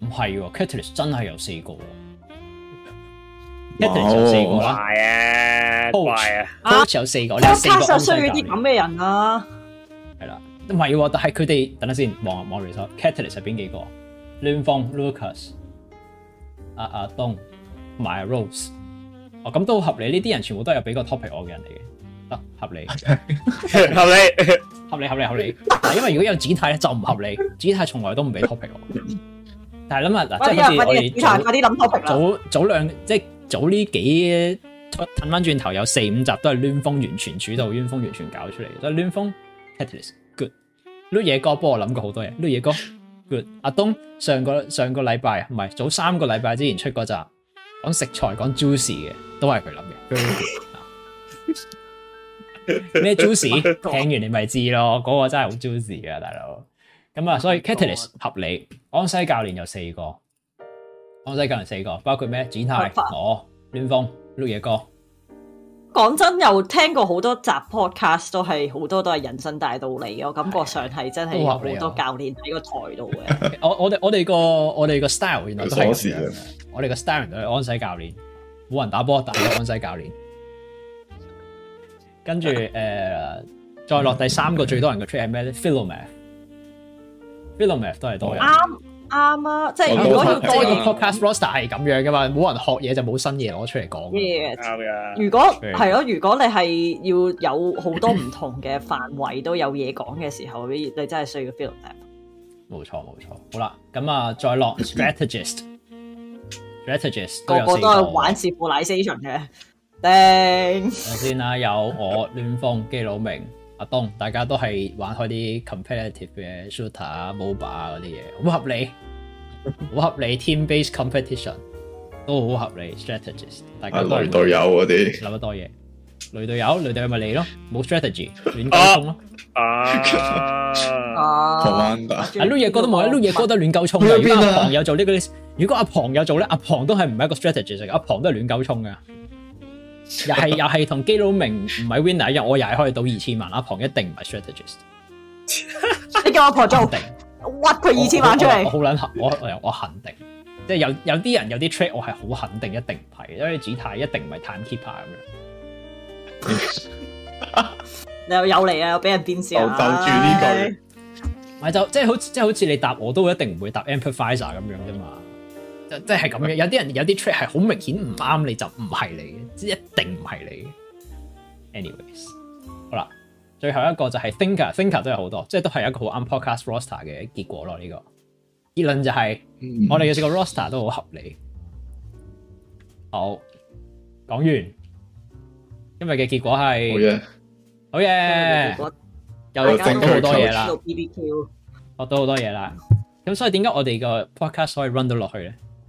唔係，Catalyst 真係有四個，Catalyst 有四個啦。怪啊，Booth 有四個，uh, 你有四個衰嘅啲咁嘅人啊。係、uh, 啦，唔係，但係佢哋等下先望望 Moira，Catalyst 係邊幾個？Linfong Lucas、阿阿東、My Rose，哦咁都合理，呢啲人全部都係有俾個 topic 我嘅人嚟嘅，得合理， *laughs* Catalyst, *laughs* 合理， *laughs* 合理，合理，合理，合理。嗱，因為如果有展替咧就唔合理，展 *laughs* 替從來都唔俾 topic 我。係啦嘛，嗱，今次我哋早快早兩即係早呢幾褪翻轉頭有四五集都係亂風完全主導，亂風完全搞出嚟。所以亂風 headless good，Lucy 哥幫我諗過好多嘢，Lucy 哥 good。阿東上個上個禮拜唔係早三個禮拜之前出嗰集，講食材講 juicy 嘅，都係佢諗嘅。咩 *laughs* juicy？聽完你咪知咯，嗰、那個真係好 juicy 嘅大佬。咁、嗯、啊、嗯，所以 catalyst 合理。安、嗯、西教練有四個，安西教練四個，包括咩？展泰哦，暖峰、六野哥。講真，又聽過好多集 podcast，都係好多都係人生大道理。我感覺上係真係好多教練喺個台度嘅。 *laughs* 我我哋我哋個我哋個 style 原來都係 *laughs* 我哋個 style 都係安西教練，冇人打波但係安西教練。跟住誒，再落第三個最多人嘅 tree 係咩咧？philomath。 *laughs* film 都係多人啱啱啊！即係如果要即係 podcast roster 係咁樣噶嘛，冇人學嘢就冇新嘢攞出嚟講，啱噶。如果係咯，如果你係要有好多唔同嘅範圍都有嘢講嘅時候，你真係需要 film 冇錯冇錯，好啦，咁 *laughs* 啊，再落 strategist，strategist 個個都係玩 simulation 嘅。叮，先啦，有我亂放 *laughs* 基佬明。阿東，大家都係玩開啲 competitive 嘅 shooter 啊、moba 啊嗰啲嘢，好合理，好合理。 *laughs* team based competition 都好合理，strategist。大家女唔隊友嗰啲，諗得多嘢。雷隊友，雷隊友咪你咯，冇 strategy，亂狗衝咯。啊阿 Lu Ye 哥都冇，阿 Lu Ye 哥都亂狗衝嘅。如果阿旁有做呢個 list，如果阿旁有做咧，阿旁都係唔係一個 strategist，阿旁都係亂狗衝嘅。又係 *laughs* 又係同基佬明唔係 winner 一樣，我又係可以賭二千萬阿龐一定唔係 strategist，你叫我龐做定，屈佢二千萬出嚟。我好捻，我我，我，我，我肯定，即 *laughs* 係有有啲人有啲 trick 我係好肯定一定唔係，因為止太一定唔係 timekeeper 咁樣。 *laughs* *laughs* *laughs* 你又有嚟啊！又俾人癲、啊、笑啦！我就住呢句。咪就即係好似即係好似你答我都一定唔會答 empathizer 咁樣啫嘛。即係咁嘅，有啲人有啲 trick 係好明顯唔啱，就不你就唔係你嘅，即一定唔係你嘅。Anyways，好啦，最後一個就係 thinker，thinker 都有好多，即係都係一個好啱 podcast roster 嘅結果咯。呢、這個結論就係我哋嘅個 roster 都好合理。好，講完，今日嘅結果係好嘢，又學到好多嘢啦，學到好多嘢啦。咁所以點解我哋個 podcast 可以 run 到落去咧？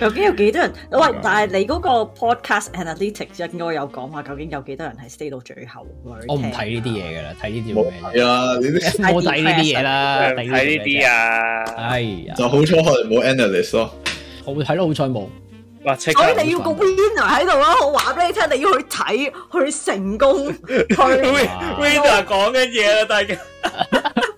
究竟有幾多人？喂，但係你嗰個 podcast analytics 應該有講話，究竟有幾多人係 stay 到最後？我唔睇呢啲嘢㗎啦，睇呢啲冇睇呢啲我睇呢啲嘢啦，睇呢啲啊，哎、呀，就好彩我冇 analyst 咯，我睇得好彩冇。所以你要個 winner 喺度咯，我話俾你聽，你要去睇去成功，去 winner 講嘅嘢啦，大家。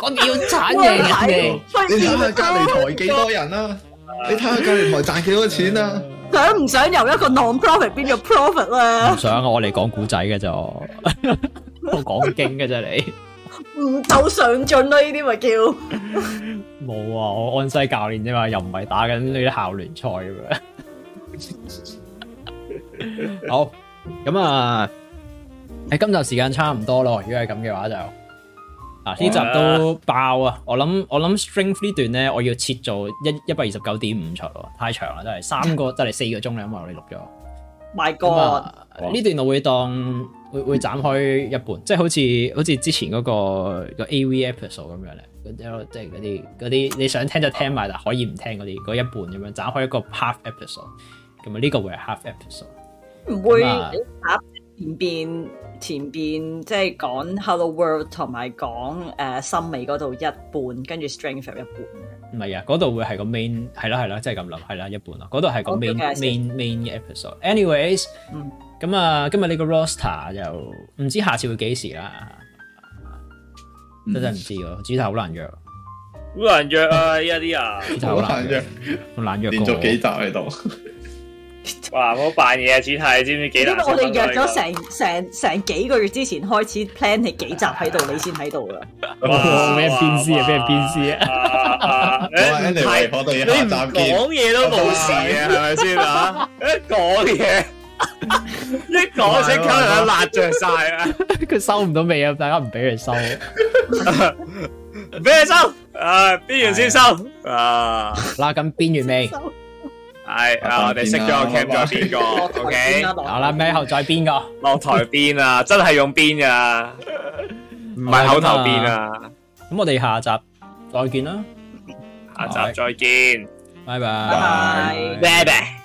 我哋要慘贏嚟， *laughs* 說話說話 *laughs* 你睇下隔離台幾多人啦，啊。 *laughs* 你睇下教練唔係賺幾多錢啊？想唔想由一個 non profit 變咗 profit 啊？唔想啊！我嚟講古仔嘅就都講經嘅啫，你唔夠上進咯？呢啲咪叫冇啊！我安西教練啫嘛，又唔係打緊呢啲校聯賽咁樣。好咁啊！誒，今集時間差唔多咯，如果係咁嘅話就。呢、啊、集都爆啊！我諗我諗 strength 呢段咧，我要切做一一百二十九點五才太長啦，真係三個真係四個鐘啦，因為我哋錄咗。My God！呢、啊 oh. 段我會當會會斬開一半，即係好似好似之前嗰個個 A V episode 咁樣咧，即係嗰啲啲你想聽就聽埋，但可以唔聽嗰啲嗰一半咁樣斬開一個 half episode，咁啊呢個會係 half episode 唔會。前邊前邊即係講 Hello World 同埋講誒森美嗰度一半，跟住 Strength 又一半。唔係啊，嗰度會係個 main 係啦係啦，即係咁諗係啦一半啊，嗰度係個 main, main main main episode Anyways,、嗯。Anyways，咁啊，今日呢個 Roster 就唔知下次會幾時啦、嗯，真真唔知咯，主題好難約，好難約啊依家啲啊，好 *laughs* 難約，好難約，連續幾集喺度。 *laughs* 哇！知知這個，唔好扮嘢，只係知唔知幾多？因為我哋約咗成成成幾個月之前開始 plan 你幾集喺度，你先喺度啦。咩邊絲啊？咩人邊絲啊？你講嘢都冇事啊？係咪先啊？講 *laughs* 嘢，一講即刻就辣着晒啊！佢 *laughs* 收唔到味啊！大家唔俾佢收，唔俾佢收 *laughs* 啊！邊緣、啊啊啊、 *laughs* 先收啊！嗱咁，邊完未？係啊，我哋熄咗個 cam 再邊個，O K，好啦，尾後再邊個？落台邊啊，真係用邊噶，唔係口頭邊啊。咁我哋下集再見啦，下集再見，拜拜，拜拜。